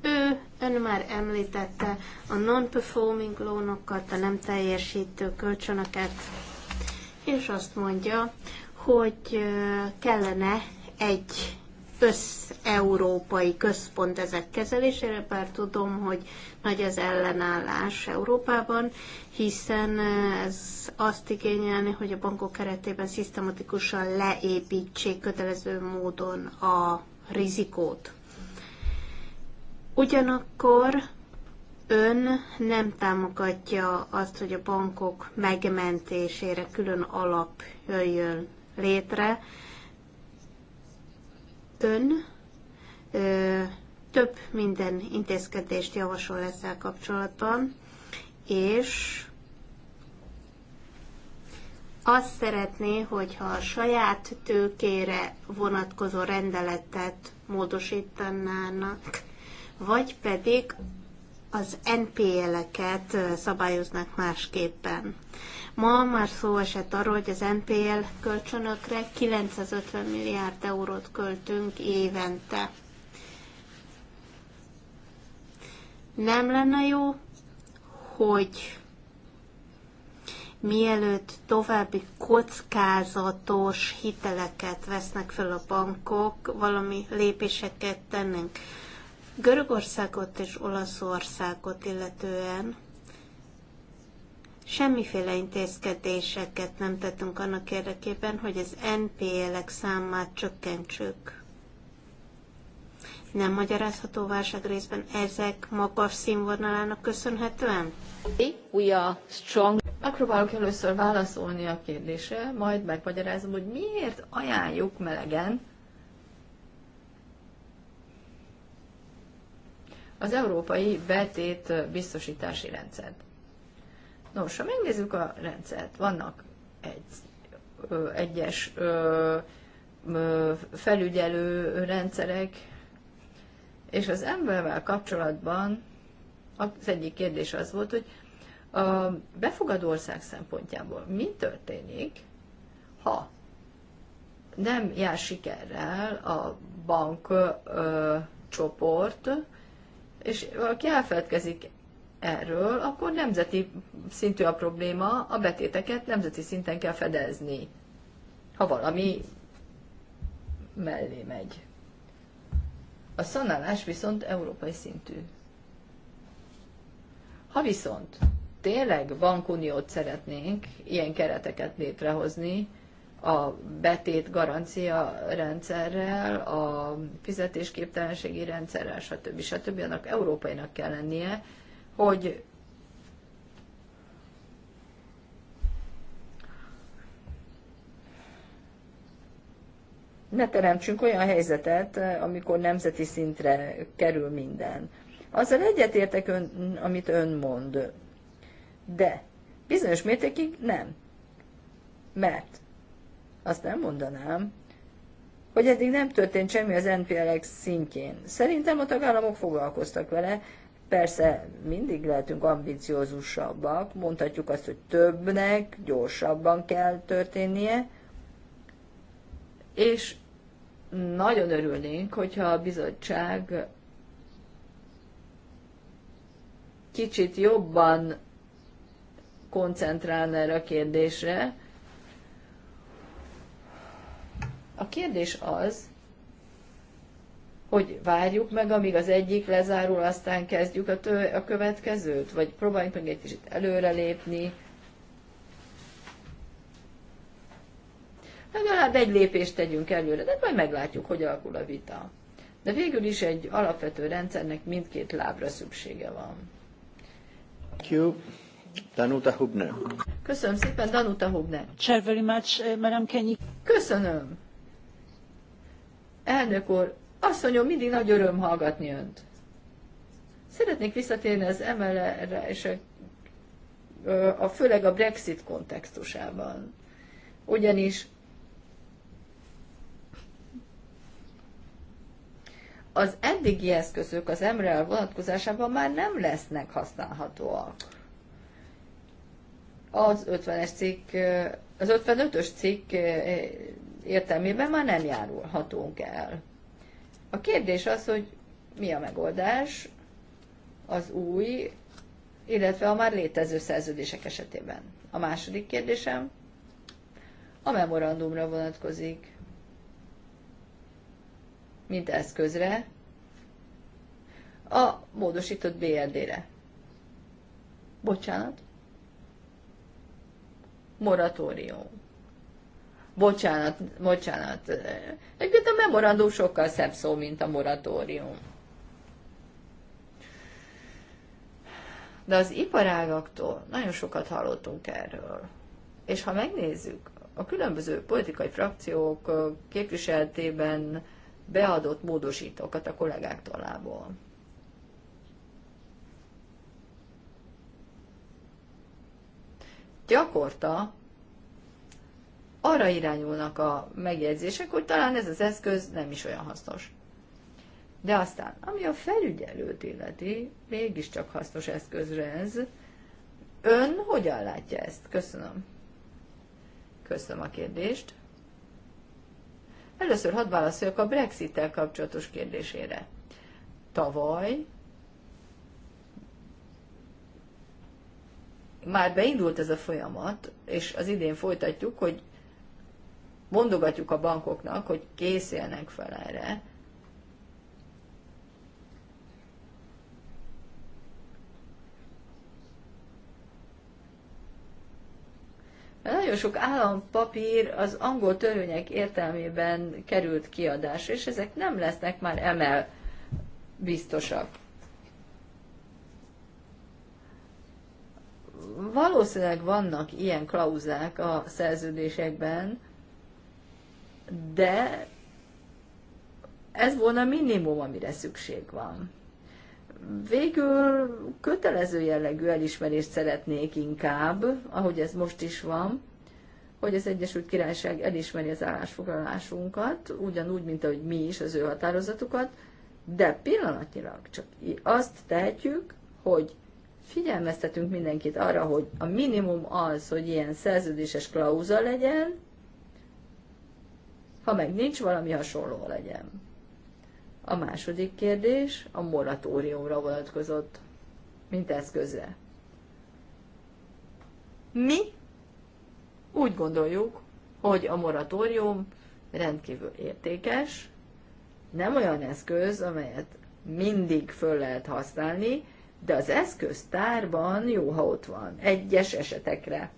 ő, ön már említette a non-performing lónokat, a nem teljesítő kölcsönöket, és azt mondja, hogy kellene egy ös-európai központ ezek kezelésére, bár tudom, hogy nagy az ellenállás Európában, hiszen ez azt igényelni, hogy a bankok keretében szisztematikusan leépítsék kötelező módon a rizikót. Ugyanakkor ön nem támogatja azt, hogy a bankok megmentésére külön alap jöjjön létre. Ön ö, több minden intézkedést javasol ezzel kapcsolatban, és azt szeretné, hogyha a saját tőkére vonatkozó rendeletet módosítanának, vagy pedig az NPL-eket szabályoznak másképpen. Ma már szó esett arról, hogy az NPL kölcsönökre 950 milliárd eurót költünk évente. Nem lenne jó, hogy mielőtt további kockázatos hiteleket vesznek fel a bankok, valami lépéseket tennénk. Görögországot és Olaszországot illetően semmiféle intézkedéseket nem tettünk annak érdekében, hogy az NPL-ek számát csökkentsük. Nem magyarázható válság részben ezek magas színvonalának köszönhetően? We are strong. Megpróbálok először válaszolni a kérdésre, majd megmagyarázom,
hogy miért ajánljuk melegen az európai betét biztosítási rendszert. Nos, ha megnézzük a rendszert, vannak egy, ö, egyes ö, ö, felügyelő rendszerek, és az emberrel kapcsolatban az egyik kérdés az volt, hogy a befogadó ország szempontjából mi történik, ha nem jár sikerrel a bank ö, csoport, és valaki elfeledkezik erről, akkor nemzeti szintű a probléma, a betéteket nemzeti szinten kell fedezni, ha valami mellé megy. A szanálás viszont európai szintű. Ha viszont tényleg bankuniót szeretnénk, ilyen kereteket létrehozni, a betét garancia rendszerrel, a fizetésképtelenségi rendszerrel, stb. stb. annak európainak kell lennie, hogy ne teremtsünk olyan helyzetet, amikor nemzeti szintre kerül minden. Azzal egyetértek, ön, amit ön mond, de bizonyos mértékig nem. Mert azt nem mondanám, hogy eddig nem történt semmi az NPLX szintjén. Szerintem a tagállamok foglalkoztak vele, persze mindig lehetünk ambiciózusabbak, mondhatjuk azt, hogy többnek, gyorsabban kell történnie, és nagyon örülnénk, hogyha a bizottság kicsit jobban koncentrálna erre a kérdésre, A kérdés az, hogy várjuk meg, amíg az egyik lezárul, aztán kezdjük a, tő, a következőt, vagy próbáljunk meg egy kicsit előrelépni. Legalább egy lépést tegyünk előre, de majd meglátjuk, hogy alakul a vita. De végül is egy alapvető rendszernek mindkét lábra szüksége van.
Danuta Hubner.
Köszönöm szépen, Danuta Hubner. very much, eh, Madam Kenny. Köszönöm. Elnök úr, asszonyom, mindig nagy öröm hallgatni önt. Szeretnék visszatérni az MLR-re, és a, a, főleg a Brexit kontextusában. Ugyanis az eddigi eszközök az MLR vonatkozásában már nem lesznek használhatóak. Az 50-es cikk, az 55-ös cikk értelmében már nem járulhatunk el. A kérdés az, hogy mi a megoldás az új, illetve a már létező szerződések esetében. A második kérdésem a memorandumra vonatkozik, mint eszközre, a módosított BRD-re. Bocsánat. Moratórium bocsánat, bocsánat. Egyébként a memorandum sokkal szebb szó, mint a moratórium. De az iparágaktól nagyon sokat hallottunk erről. És ha megnézzük a különböző politikai frakciók képviseltében beadott módosítókat a kollégák tollából, gyakorta arra irányulnak a megjegyzések, hogy talán ez az eszköz nem is olyan hasznos. De aztán, ami a felügyelőt illeti, mégiscsak hasznos eszközre ez. Ön hogyan látja ezt? Köszönöm. Köszönöm a kérdést. Először hadd válaszoljak a Brexit-tel kapcsolatos kérdésére. Tavaly már beindult ez a folyamat, és az idén folytatjuk, hogy mondogatjuk a bankoknak, hogy készüljenek fel erre, Nagyon sok állampapír az angol törvények értelmében került kiadás, és ezek nem lesznek már emel biztosak. Valószínűleg vannak ilyen klauzák a szerződésekben, de ez volna minimum, amire szükség van. Végül kötelező jellegű elismerést szeretnék inkább, ahogy ez most is van, hogy az Egyesült Királyság elismeri az állásfoglalásunkat, ugyanúgy, mint ahogy mi is az ő határozatukat, de pillanatnyilag csak azt tehetjük, hogy figyelmeztetünk mindenkit arra, hogy a minimum az, hogy ilyen szerződéses klauza legyen, ha meg nincs, valami hasonló legyen. A második kérdés a moratóriumra vonatkozott, mint eszközre. Mi úgy gondoljuk, hogy a moratórium rendkívül értékes, nem olyan eszköz, amelyet mindig föl lehet használni, de az eszköztárban jó, ha ott van, egyes esetekre.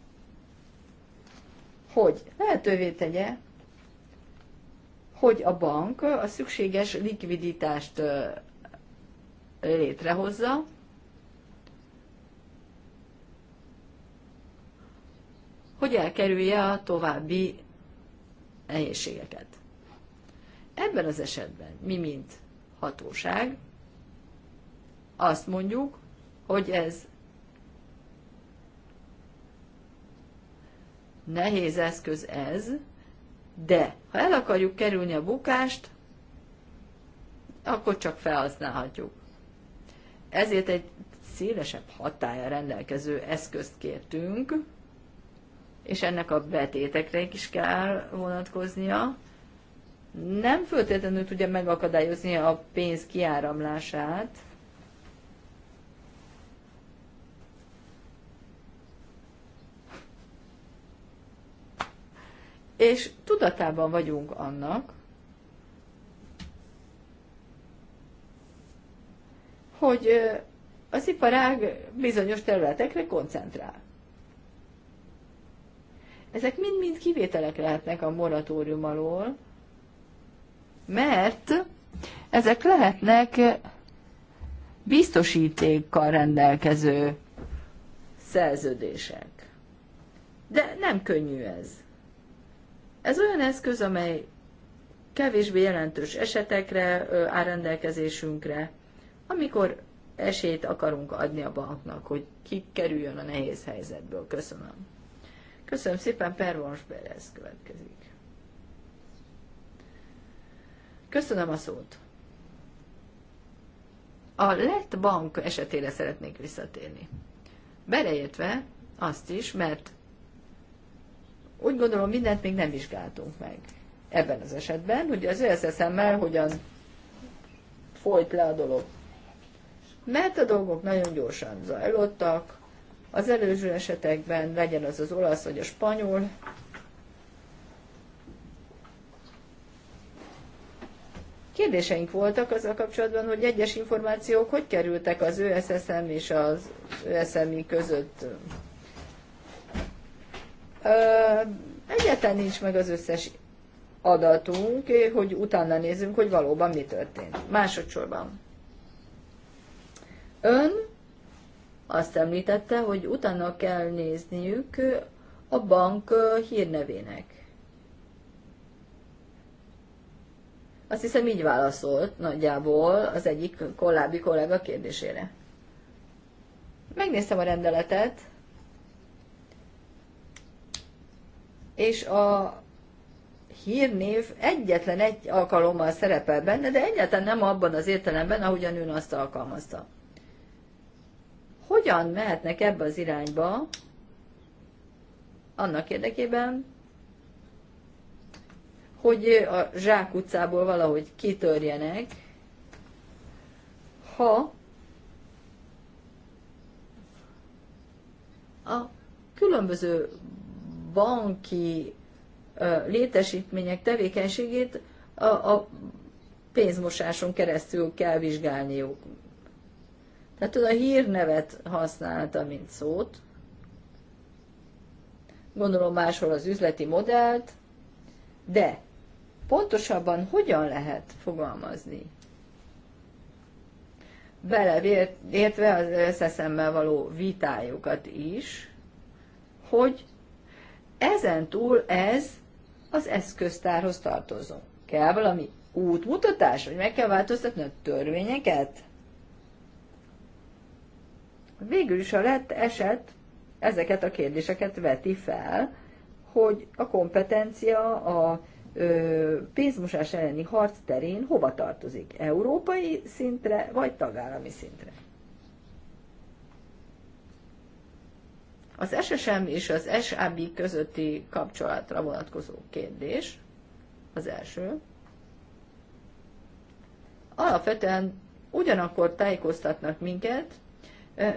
Hogy lehetővé tegye, hogy a bank a szükséges likviditást létrehozza, hogy elkerülje a további nehézségeket. Ebben az esetben mi, mint hatóság, azt mondjuk, hogy ez nehéz eszköz ez, de ha el akarjuk kerülni a bukást, akkor csak felhasználhatjuk. Ezért egy szélesebb hatája rendelkező eszközt kértünk, és ennek a betétekre is kell vonatkoznia. Nem föltétlenül tudja megakadályozni a pénz kiáramlását, és tudatában vagyunk annak, hogy az iparág bizonyos területekre koncentrál. Ezek mind-mind kivételek lehetnek a moratórium alól, mert ezek lehetnek biztosítékkal rendelkező szerződések. De nem könnyű ez. Ez olyan eszköz, amely kevésbé jelentős esetekre áll rendelkezésünkre, amikor esélyt akarunk adni a banknak, hogy ki kerüljön a nehéz helyzetből. Köszönöm. Köszönöm szépen, Pervons Berez következik. Köszönöm a szót. A lett bank esetére szeretnék visszatérni. Beleértve azt is, mert úgy gondolom, mindent még nem vizsgáltunk meg ebben az esetben, hogy az ÖSSM-mel hogyan folyt le a dolog. Mert a dolgok nagyon gyorsan zajlottak, az előző esetekben legyen az az olasz vagy a spanyol, Kérdéseink voltak azzal kapcsolatban, hogy egyes információk hogy kerültek az ÖSSM és az ÖSMI között Egyetlen nincs meg az összes adatunk, eh, hogy utána nézzünk, hogy valóban mi történt. Másodszorban. Ön azt említette, hogy utána kell nézniük a bank eh, hírnevének. Azt hiszem így válaszolt nagyjából az egyik korábbi kollega kérdésére. Megnéztem a rendeletet, és a hírnév egyetlen egy alkalommal szerepel benne, de egyáltalán nem abban az értelemben, ahogyan ön azt alkalmazta. Hogyan mehetnek ebbe az irányba annak érdekében, hogy a Zsák utcából valahogy kitörjenek, ha a különböző banki létesítmények tevékenységét a, a pénzmosáson keresztül kell vizsgálniuk. Tehát a hírnevet használta, mint szót. Gondolom máshol az üzleti modellt, de pontosabban hogyan lehet fogalmazni? Beleértve az összeszemmel való vitájukat is, hogy ezen túl ez az eszköztárhoz tartozó. Kell valami útmutatás, hogy meg kell változtatni a törvényeket? Végül is a lett eset ezeket a kérdéseket veti fel, hogy a kompetencia a pénzmosás elleni harc terén hova tartozik? Európai szintre vagy tagállami szintre? Az SSM és az SAB közötti kapcsolatra vonatkozó kérdés, az első, alapvetően ugyanakkor tájékoztatnak minket,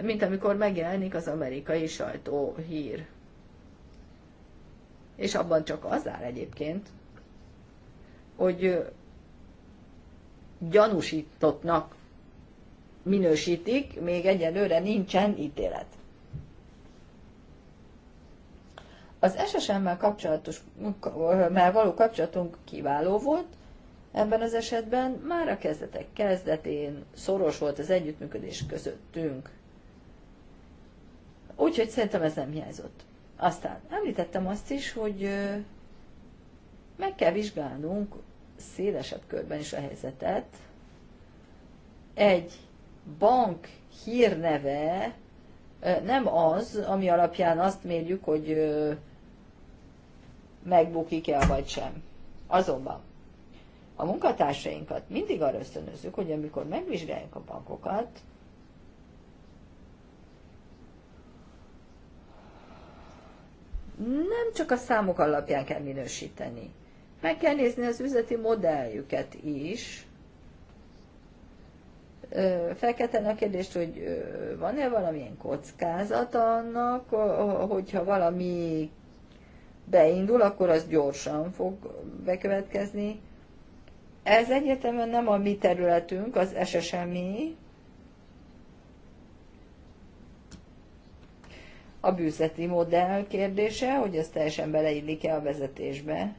mint amikor megjelenik az amerikai sajtó hír. És abban csak az áll egyébként, hogy gyanúsítottnak minősítik, még egyelőre nincsen ítélet. Az SSM-mel kapcsolatos, már való kapcsolatunk kiváló volt, ebben az esetben már a kezdetek kezdetén szoros volt az együttműködés közöttünk. Úgyhogy szerintem ez nem hiányzott. Aztán említettem azt is, hogy meg kell vizsgálnunk szélesebb körben is a helyzetet. Egy bank hírneve nem az, ami alapján azt mérjük, hogy megbukik-e vagy sem. Azonban a munkatársainkat mindig arra ösztönözzük, hogy amikor megvizsgáljuk a bankokat, nem csak a számok alapján kell minősíteni. Meg kell nézni az üzleti modelljüket is, felkelteni a kérdést, hogy van-e valamilyen kockázat annak, hogyha valami beindul, akkor az gyorsan fog bekövetkezni. Ez egyértelműen nem a mi területünk, az SSMI, a bűzleti modell kérdése, hogy ez teljesen beleillik-e a vezetésbe.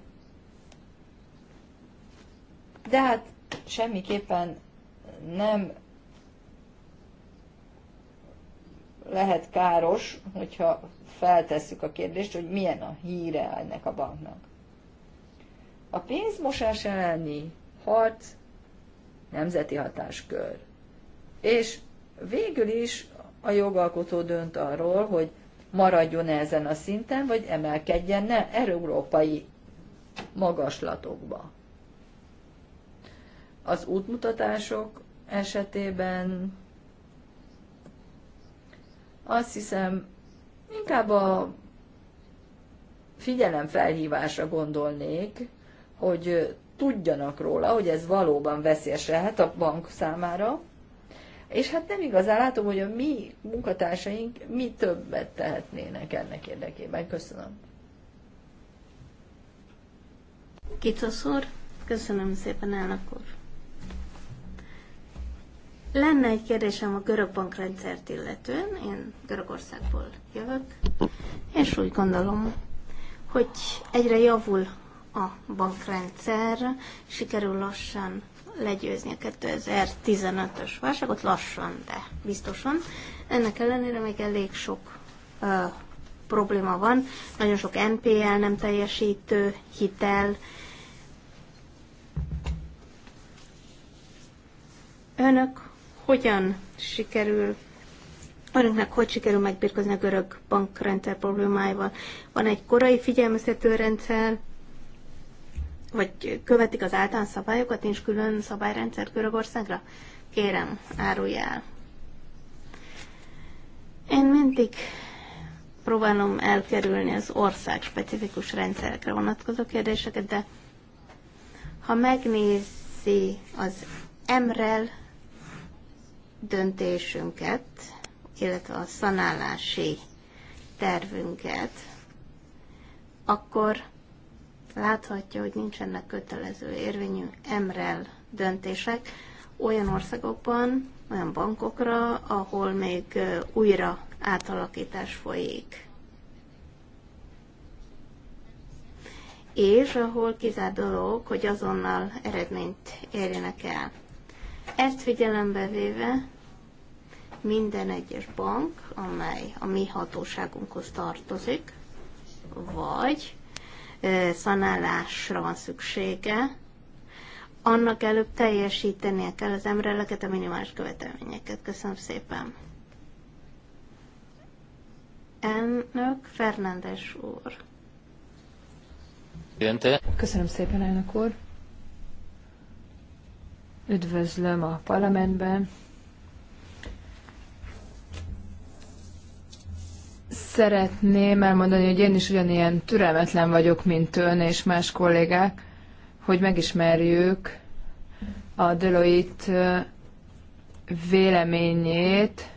De hát semmiképpen nem lehet káros, hogyha feltesszük a kérdést, hogy milyen a híre ennek a banknak. A pénzmosás elleni harc nemzeti hatáskör. És végül is a jogalkotó dönt arról, hogy maradjon -e ezen a szinten, vagy emelkedjen ne európai magaslatokba. Az útmutatások esetében azt hiszem, inkább a felhívásra gondolnék, hogy tudjanak róla, hogy ez valóban veszélyes lehet a bank számára, és hát nem igazán látom, hogy a mi munkatársaink mi többet tehetnének ennek érdekében. Köszönöm.
Kicsoszor, köszönöm szépen, elnök lenne egy kérdésem a görög bankrendszert illetően, én Görögországból jövök, és úgy gondolom, hogy egyre javul a bankrendszer, sikerül lassan legyőzni a 2015-ös válságot, lassan, de biztosan. Ennek ellenére még elég sok ö, probléma van, nagyon sok NPL nem teljesítő, hitel, Önök hogyan sikerül önöknek hogy sikerül megbírkozni a görög bankrendszer problémáival? Van egy korai figyelmeztető rendszer, vagy követik az általános szabályokat, nincs külön szabályrendszer Görögországra? Kérem, árulj el. Én mindig próbálom elkerülni az ország specifikus rendszerekre vonatkozó kérdéseket, de ha megnézi az MREL döntésünket, illetve a szanálási tervünket, akkor láthatja, hogy nincsenek kötelező érvényű MREL döntések olyan országokban, olyan bankokra, ahol még újra átalakítás folyik. És ahol kizárt dolog, hogy azonnal eredményt érjenek el. Ezt figyelembe véve minden egyes bank, amely a mi hatóságunkhoz tartozik, vagy szanálásra van szüksége, annak előbb teljesítenie kell az emreleket, a minimális követelményeket. Köszönöm szépen. Elnök Fernandes úr.
Köszönöm szépen, elnök úr. Üdvözlöm a parlamentben. Szeretném elmondani, hogy én is ugyanilyen türelmetlen vagyok, mint ön és más kollégák, hogy megismerjük a Deloitte véleményét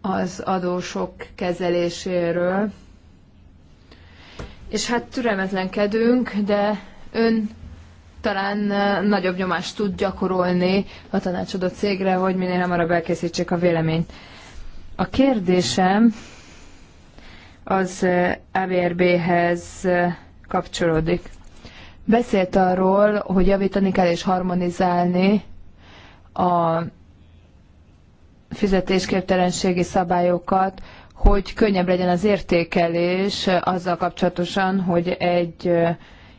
az adósok kezeléséről és hát türelmetlenkedünk, de ön talán eh, nagyobb nyomást tud gyakorolni a tanácsadó cégre, hogy minél hamarabb elkészítsék a véleményt. A kérdésem az eh, ABRB-hez eh, kapcsolódik. Beszélt arról, hogy javítani kell és harmonizálni a fizetésképtelenségi szabályokat hogy könnyebb legyen az értékelés azzal kapcsolatosan, hogy egy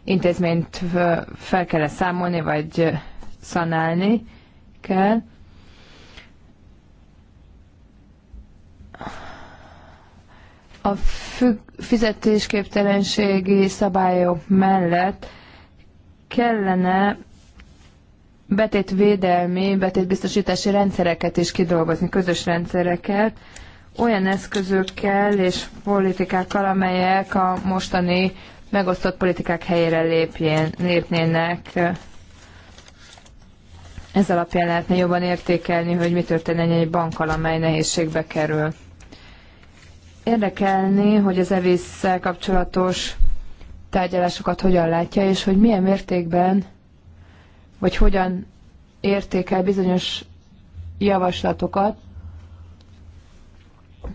intézményt fel kell -e számolni, vagy szanálni kell. A fizetésképtelenségi szabályok mellett kellene betétvédelmi, betétbiztosítási rendszereket is kidolgozni, közös rendszereket, olyan eszközökkel és politikákkal, amelyek a mostani megosztott politikák helyére lépjén, lépnének. Ez alapján lehetne jobban értékelni, hogy mi történne egy bankkal, amely nehézségbe kerül. Érdekelni, hogy az evészsel kapcsolatos tárgyalásokat hogyan látja, és hogy milyen mértékben, vagy hogyan értékel bizonyos javaslatokat,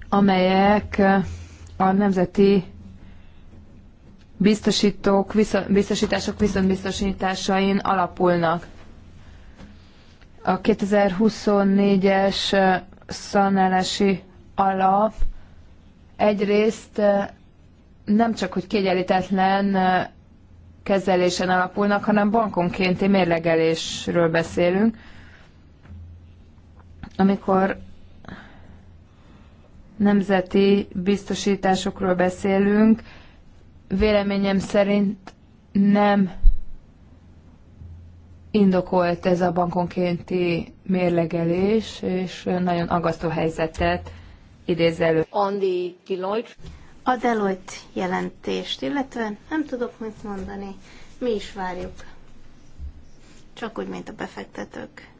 amelyek eh, a nemzeti biztosítók, viszont, biztosítások viszontbiztosításain alapulnak. A 2024-es eh, szanálási alap egyrészt eh, nem csak, hogy kiegyenlítetlen kezelésen alapulnak, hanem bankonkénti mérlegelésről beszélünk. Amikor nemzeti biztosításokról beszélünk. Véleményem szerint nem indokolt ez a bankonkénti mérlegelés, és nagyon agasztó
helyzetet idéz elő. Andi the Deloitte. A Deloitte jelentést, illetve nem tudok mit mondani. Mi is várjuk. Csak úgy, mint a befektetők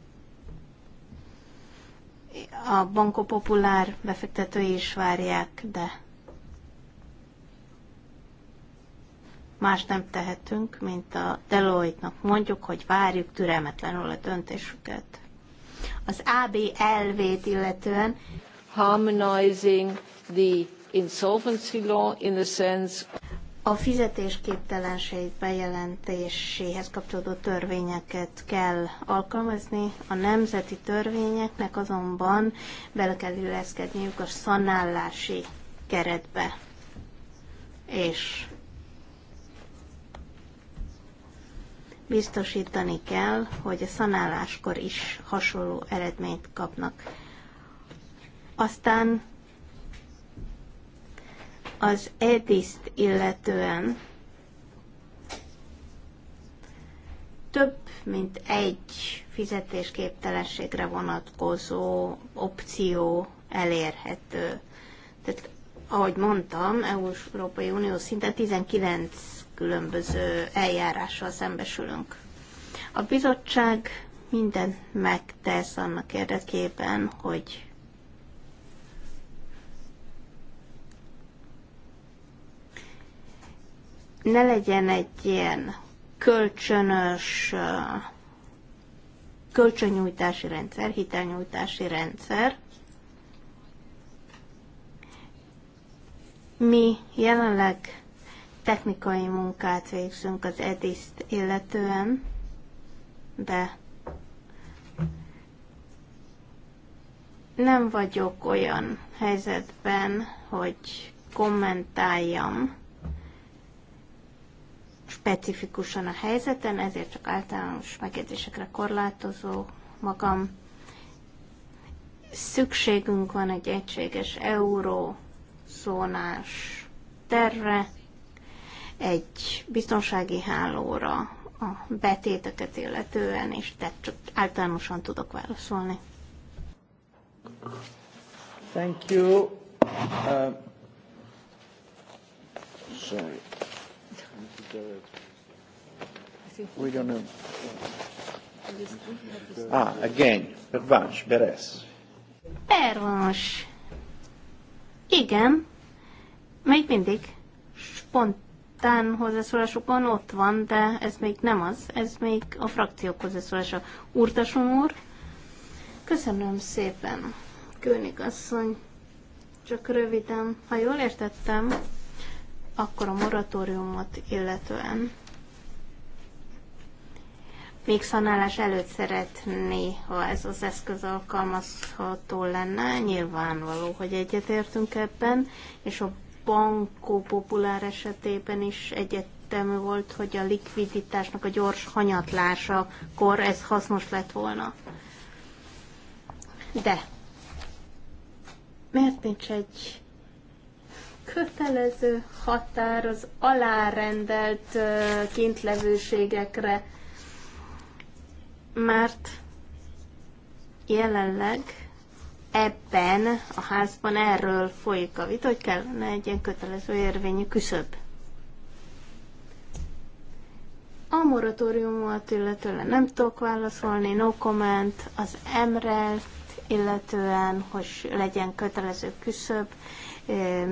a Banco Popular befektetői is várják, de más nem tehetünk, mint a Deloitte-nak mondjuk, hogy várjuk türelmetlenül a döntésüket. Az ABLV t illetően harmonizing the insolvency law in the sense a fizetésképtelenség bejelentéséhez kapcsolódó törvényeket kell alkalmazni, a nemzeti törvényeknek azonban bele kell illeszkedniük a szanállási keretbe. És biztosítani kell, hogy a szanáláskor is hasonló eredményt kapnak. Aztán az etiszt illetően több mint egy fizetésképtelenségre vonatkozó opció elérhető. Tehát, ahogy mondtam, e Európai Unió szinte 19 különböző eljárással szembesülünk. A bizottság mindent megtesz annak érdekében, hogy ne legyen egy ilyen kölcsönös kölcsönnyújtási rendszer, hitelnyújtási rendszer. Mi jelenleg technikai munkát végzünk az EDIS-t illetően, de nem vagyok olyan helyzetben, hogy kommentáljam specifikusan a helyzeten, ezért csak általános megjegyzésekre korlátozó magam. Szükségünk van egy egységes eurózónás terre, egy biztonsági hálóra a betéteket illetően, és tehát csak általánosan tudok válaszolni. Thank
you. Uh, sorry don't know. Ah, again, Pervans, Beres.
Pervans. Igen, még mindig spontán hozzászólásokon ott van, de ez még nem az, ez még a frakciók hozzászólása. Úrtasom úr, köszönöm szépen, König asszony. Csak röviden, ha jól értettem, akkor a moratóriumot illetően még szanálás előtt szeretné, ha ez az eszköz alkalmazható lenne. Nyilvánvaló, hogy egyetértünk ebben, és a bankó populár esetében is egyetemű volt, hogy a likviditásnak a gyors hanyatlása kor ez hasznos lett volna. De miért nincs egy kötelező határ az alárendelt kintlevőségekre, mert jelenleg ebben a házban erről folyik a vita, hogy kellene egy ilyen kötelező érvényű küszöb. A moratóriumot illetően nem tudok válaszolni, no comment, az emrel illetően, hogy legyen kötelező küszöb,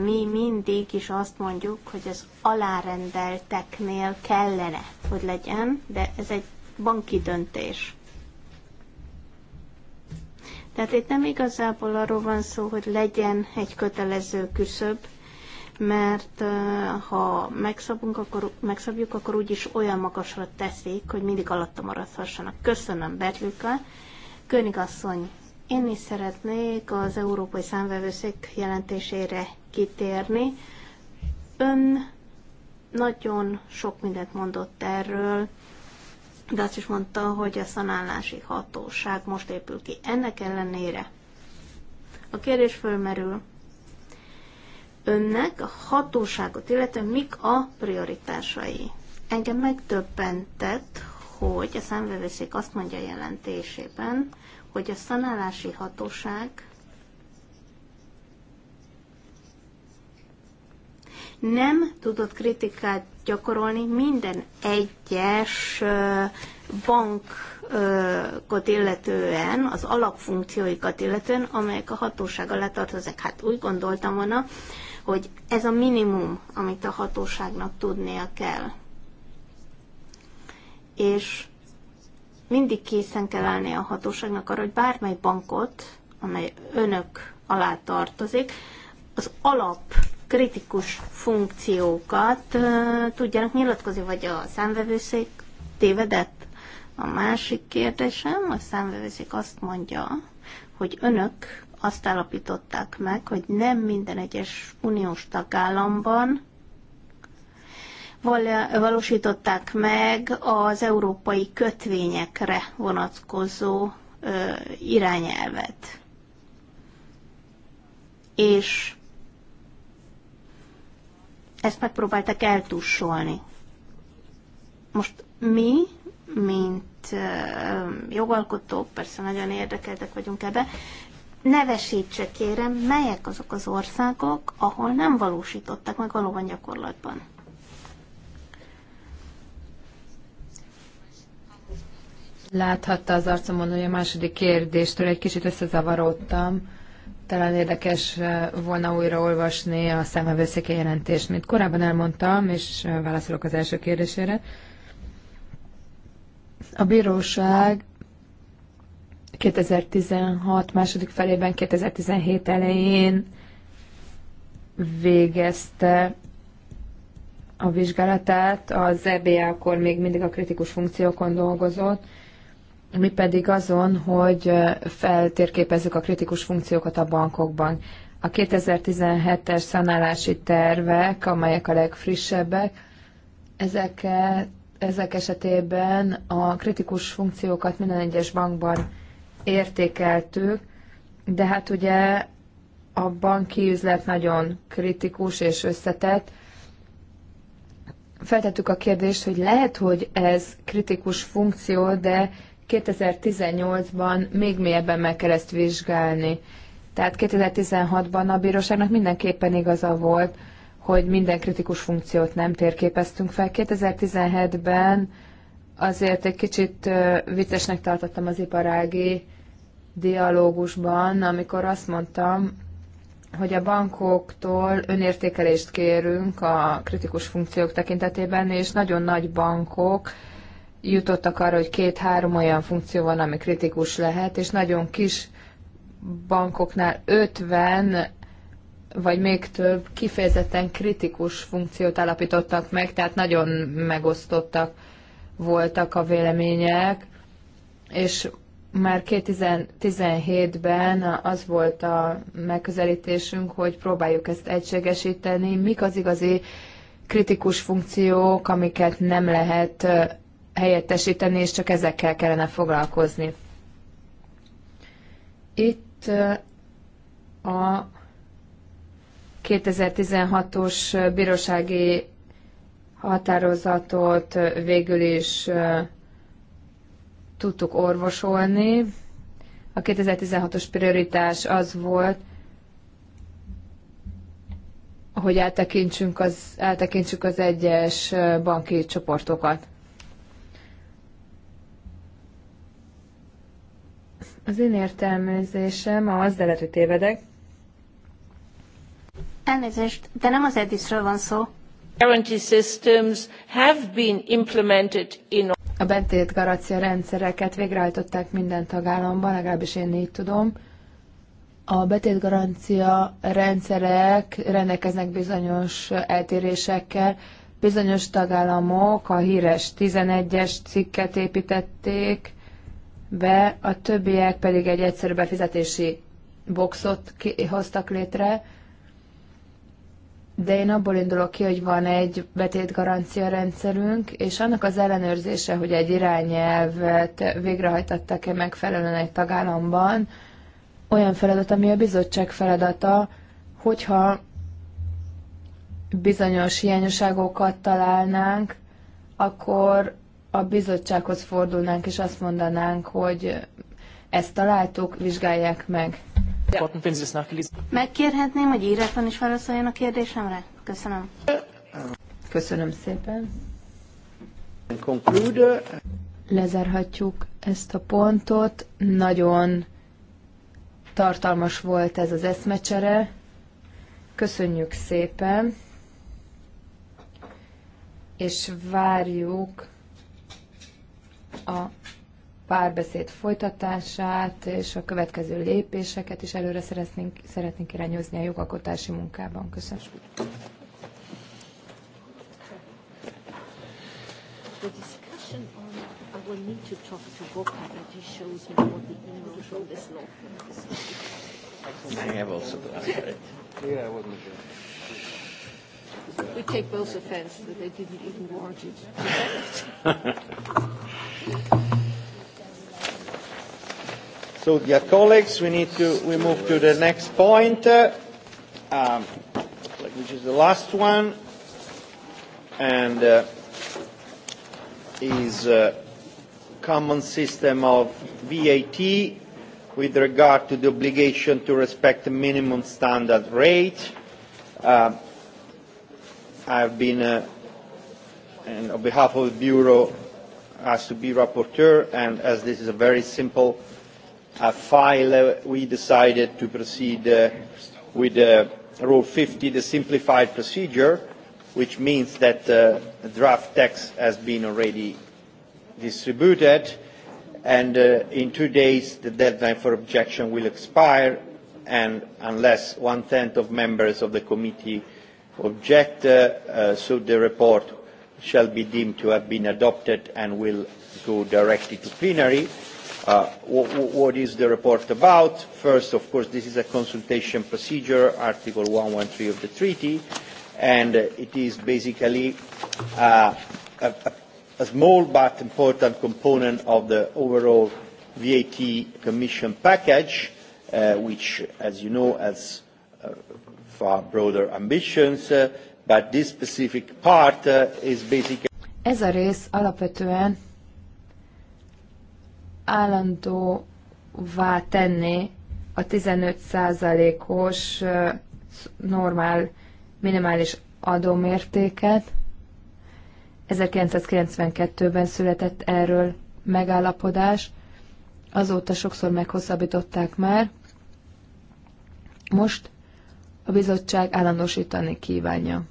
mi mindig is azt mondjuk, hogy az alárendelteknél kellene, hogy legyen, de ez egy banki döntés. Tehát itt nem igazából arról van szó, hogy legyen egy kötelező küszöb, mert ha megszabunk, akkor, megszabjuk, akkor úgyis olyan magasra teszik, hogy mindig alatta maradhassanak. Köszönöm, Berlüke. Königasszony én is szeretnék az Európai Számvevőszék jelentésére kitérni. Ön nagyon sok mindent mondott erről, de azt is mondta, hogy a szanálási hatóság most épül ki. Ennek ellenére a kérdés fölmerül, önnek a hatóságot, illetve mik a prioritásai. Engem megtöbbentett, hogy a számvevőszék azt mondja a jelentésében, hogy a szanálási hatóság nem tudott kritikát gyakorolni minden egyes bankot illetően, az alapfunkcióikat illetően, amelyek a hatóság alá tartoznak. Hát úgy gondoltam volna, hogy ez a minimum, amit a hatóságnak tudnia kell. És mindig készen kell állni a hatóságnak arra, hogy bármely bankot, amely önök alá tartozik, az alap kritikus funkciókat uh, tudjanak nyilatkozni, vagy a számvevőszék tévedett. A másik kérdésem, a számvevőszék azt mondja, hogy önök azt állapították meg, hogy nem minden egyes uniós tagállamban valósították meg az európai kötvényekre vonatkozó irányelvet. És ezt megpróbáltak eltussolni. Most mi, mint jogalkotók, persze nagyon érdekeltek vagyunk ebbe, nevesítse kérem, melyek azok az országok, ahol nem valósították meg valóban gyakorlatban.
Láthatta az arcomon, hogy a második kérdéstől egy kicsit összezavarodtam. Talán érdekes eh, volna újra olvasni a számvevőszéke jelentést, mint korábban elmondtam, és eh, válaszolok az első kérdésére. A bíróság 2016 második felében, 2017 elején végezte a vizsgálatát. Az EBA akkor még mindig a kritikus funkciókon dolgozott, mi pedig azon, hogy feltérképezzük a kritikus funkciókat a bankokban. A 2017-es szanálási tervek, amelyek a legfrissebbek, ezek, ezek esetében a kritikus funkciókat minden egyes bankban értékeltük, de hát ugye a banki üzlet nagyon kritikus és összetett. Feltettük a kérdést, hogy lehet, hogy ez kritikus funkció, de 2018-ban még mélyebben meg kell ezt vizsgálni. Tehát 2016-ban a bíróságnak mindenképpen igaza volt, hogy minden kritikus funkciót nem térképeztünk fel. 2017-ben azért egy kicsit viccesnek tartottam az iparági dialógusban, amikor azt mondtam, hogy a bankoktól önértékelést kérünk a kritikus funkciók tekintetében, és nagyon nagy bankok jutottak arra, hogy két-három olyan funkció van, ami kritikus lehet, és nagyon kis bankoknál 50 vagy még több kifejezetten kritikus funkciót állapítottak meg, tehát nagyon megosztottak voltak a vélemények, és már 2017-ben az volt a megközelítésünk, hogy próbáljuk ezt egységesíteni, mik az igazi kritikus funkciók, amiket nem lehet helyettesíteni, és csak ezekkel kellene foglalkozni. Itt a 2016-os bírósági határozatot végül is tudtuk orvosolni. A 2016-os prioritás az volt, hogy áttekintsünk az, az egyes banki csoportokat. Az én értelmezésem az, de lehet, hogy tévedek.
Elnézést, de nem az Edisről van szó. Guarantee systems have been implemented in
a bentét garancia rendszereket végrehajtották minden tagállamban, legalábbis én így tudom. A betétgarancia rendszerek rendelkeznek bizonyos eltérésekkel. Bizonyos tagállamok a híres 11-es cikket építették, be, a többiek pedig egy egyszerű befizetési boxot hoztak létre, de én abból indulok ki, hogy van egy betétgarancia rendszerünk, és annak az ellenőrzése, hogy egy irányelvet végrehajtattak-e megfelelően egy tagállamban, olyan feladat, ami a bizottság feladata, hogyha bizonyos hiányosságokat találnánk, akkor a bizottsághoz fordulnánk, és azt mondanánk, hogy ezt találtuk, vizsgálják meg.
Megkérhetném, hogy írásban is válaszoljon a kérdésemre? Köszönöm.
Köszönöm szépen.
Lezárhatjuk
ezt a pontot. Nagyon tartalmas volt ez az eszmecsere. Köszönjük szépen, és várjuk a párbeszéd folytatását és a következő lépéseket is előre szeretnénk, szeretnénk irányozni a jogalkotási munkában. Köszönöm.
I have also done it. Yeah, I We take
both offense that they didn't even warrant it.
so, dear colleagues, we need to we move to the next point, uh, um, which is the last one, and uh, is a uh, common system of VAT with regard to the obligation to respect the minimum standard rate. Uh, I've been, uh, and on behalf of the Bureau, asked to be rapporteur, and as this is a very simple uh, file, uh, we decided to proceed uh, with uh, Rule 50, the simplified procedure, which means that uh, the draft text has been already distributed, and uh, in two days the deadline for objection will expire, and unless one-tenth of members of the committee object, uh, uh, so the report shall be deemed to have been adopted and will go directly to plenary. Uh, what is the report about? First, of course, this is a consultation procedure, Article 113 of the treaty, and uh, it is basically uh, a, a small but important component of the overall VAT Commission package, uh, which, as you know, has uh, far uh, broader ambitions, uh, but this specific part uh, is basically...
Ez a rész alapvetően állandóvá tenni a 15%-os normál minimális adómértéket. 1992-ben született erről megállapodás, azóta sokszor meghosszabbították már. Most a bizottság állandósítani kívánja.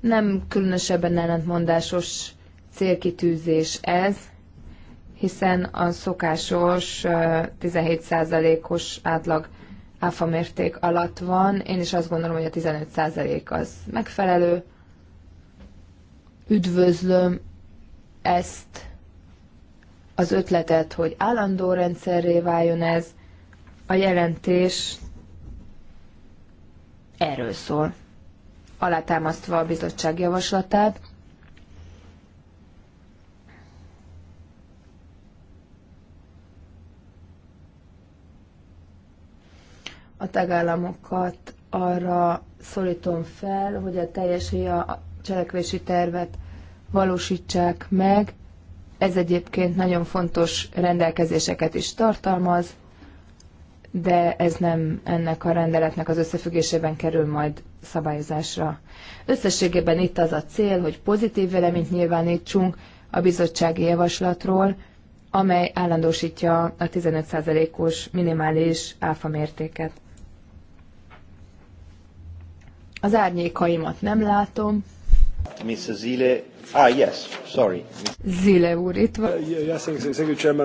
Nem különösebben ellentmondásos célkitűzés ez, hiszen a szokásos 17%-os átlag áfa mérték alatt van. Én is azt gondolom, hogy a 15% az megfelelő. Üdvözlöm ezt az ötletet, hogy állandó rendszerré váljon ez. A jelentés erről szól, alátámasztva a bizottság javaslatát. A tagállamokat arra szólítom fel, hogy a teljes a cselekvési tervet valósítsák meg. Ez egyébként nagyon fontos rendelkezéseket is tartalmaz, de ez nem ennek a rendeletnek az összefüggésében kerül majd szabályozásra. Összességében itt az a cél, hogy pozitív véleményt nyilvánítsunk a bizottsági javaslatról, amely állandósítja a 15%-os minimális áfa mértéket. Az árnyékaimat nem látom.
Mr. Zile, ah yes, sorry.
Zile úr, itt van.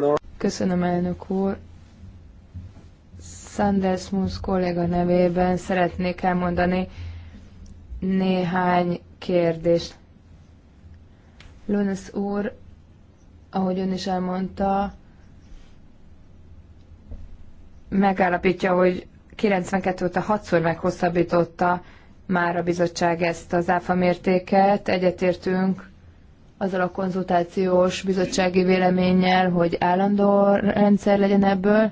Uh, Köszönöm, elnök úr. Sanders Moons kolléga nevében szeretnék elmondani néhány kérdést. Lunas úr, ahogy ön is elmondta, megállapítja, hogy 92 óta hatszor meghosszabbította már a bizottság ezt az áfa mértéket. Egyetértünk azzal a konzultációs bizottsági véleménnyel, hogy állandó rendszer legyen ebből.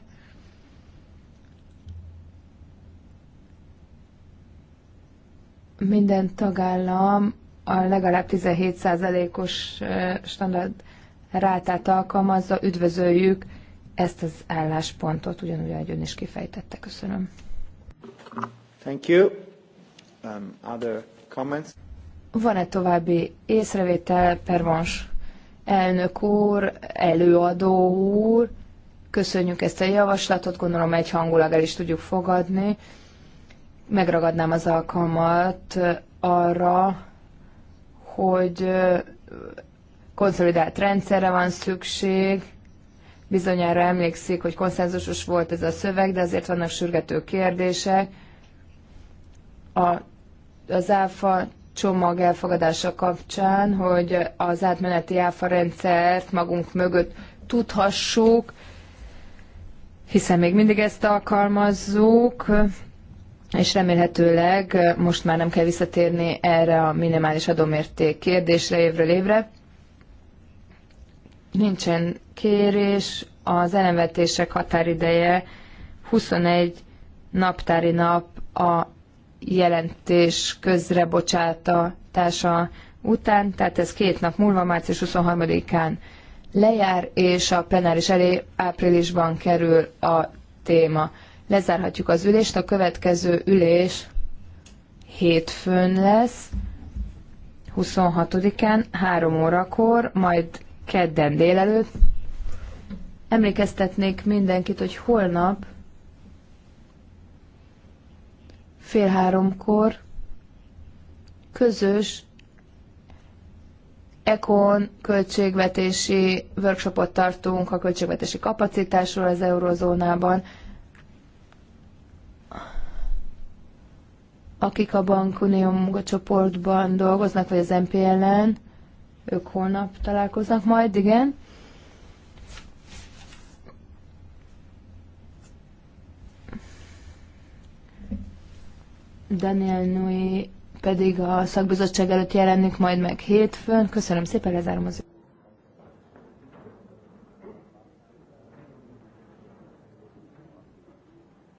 minden tagállam a legalább 17%-os standard rátát alkalmazza, üdvözöljük ezt az álláspontot, ugyanúgy, ahogy ön is kifejtette. Köszönöm.
Thank you. Um, other comments?
Van-e további észrevétel, pervans elnök úr, előadó úr? Köszönjük ezt a javaslatot, gondolom hangulag el is tudjuk fogadni megragadnám az alkalmat arra, hogy konszolidált rendszerre van szükség. Bizonyára emlékszik, hogy konszenzusos volt ez a szöveg, de azért vannak sürgető kérdések. A, az áfa csomag elfogadása kapcsán, hogy az átmeneti áfa rendszert magunk mögött tudhassuk, hiszen még mindig ezt alkalmazzuk, és remélhetőleg most már nem kell visszatérni erre a minimális adómérték kérdésre évről évre. Nincsen kérés, az elemvetések határideje 21 naptári nap a jelentés közrebocsátatása után, tehát ez két nap múlva, március 23-án lejár, és a plenáris elé áprilisban kerül a téma. Lezárhatjuk az ülést, a következő ülés hétfőn lesz, 26-án, 3 órakor, majd kedden délelőtt. Emlékeztetnék mindenkit, hogy holnap fél háromkor közös ECON költségvetési workshopot tartunk a költségvetési kapacitásról az eurozónában. akik a Bankunió munkacsoportban dolgoznak, vagy az MPL-en, ők holnap találkoznak majd, igen. Daniel Nui pedig a szakbizottság előtt jelenik majd meg hétfőn. Köszönöm szépen, lezárom az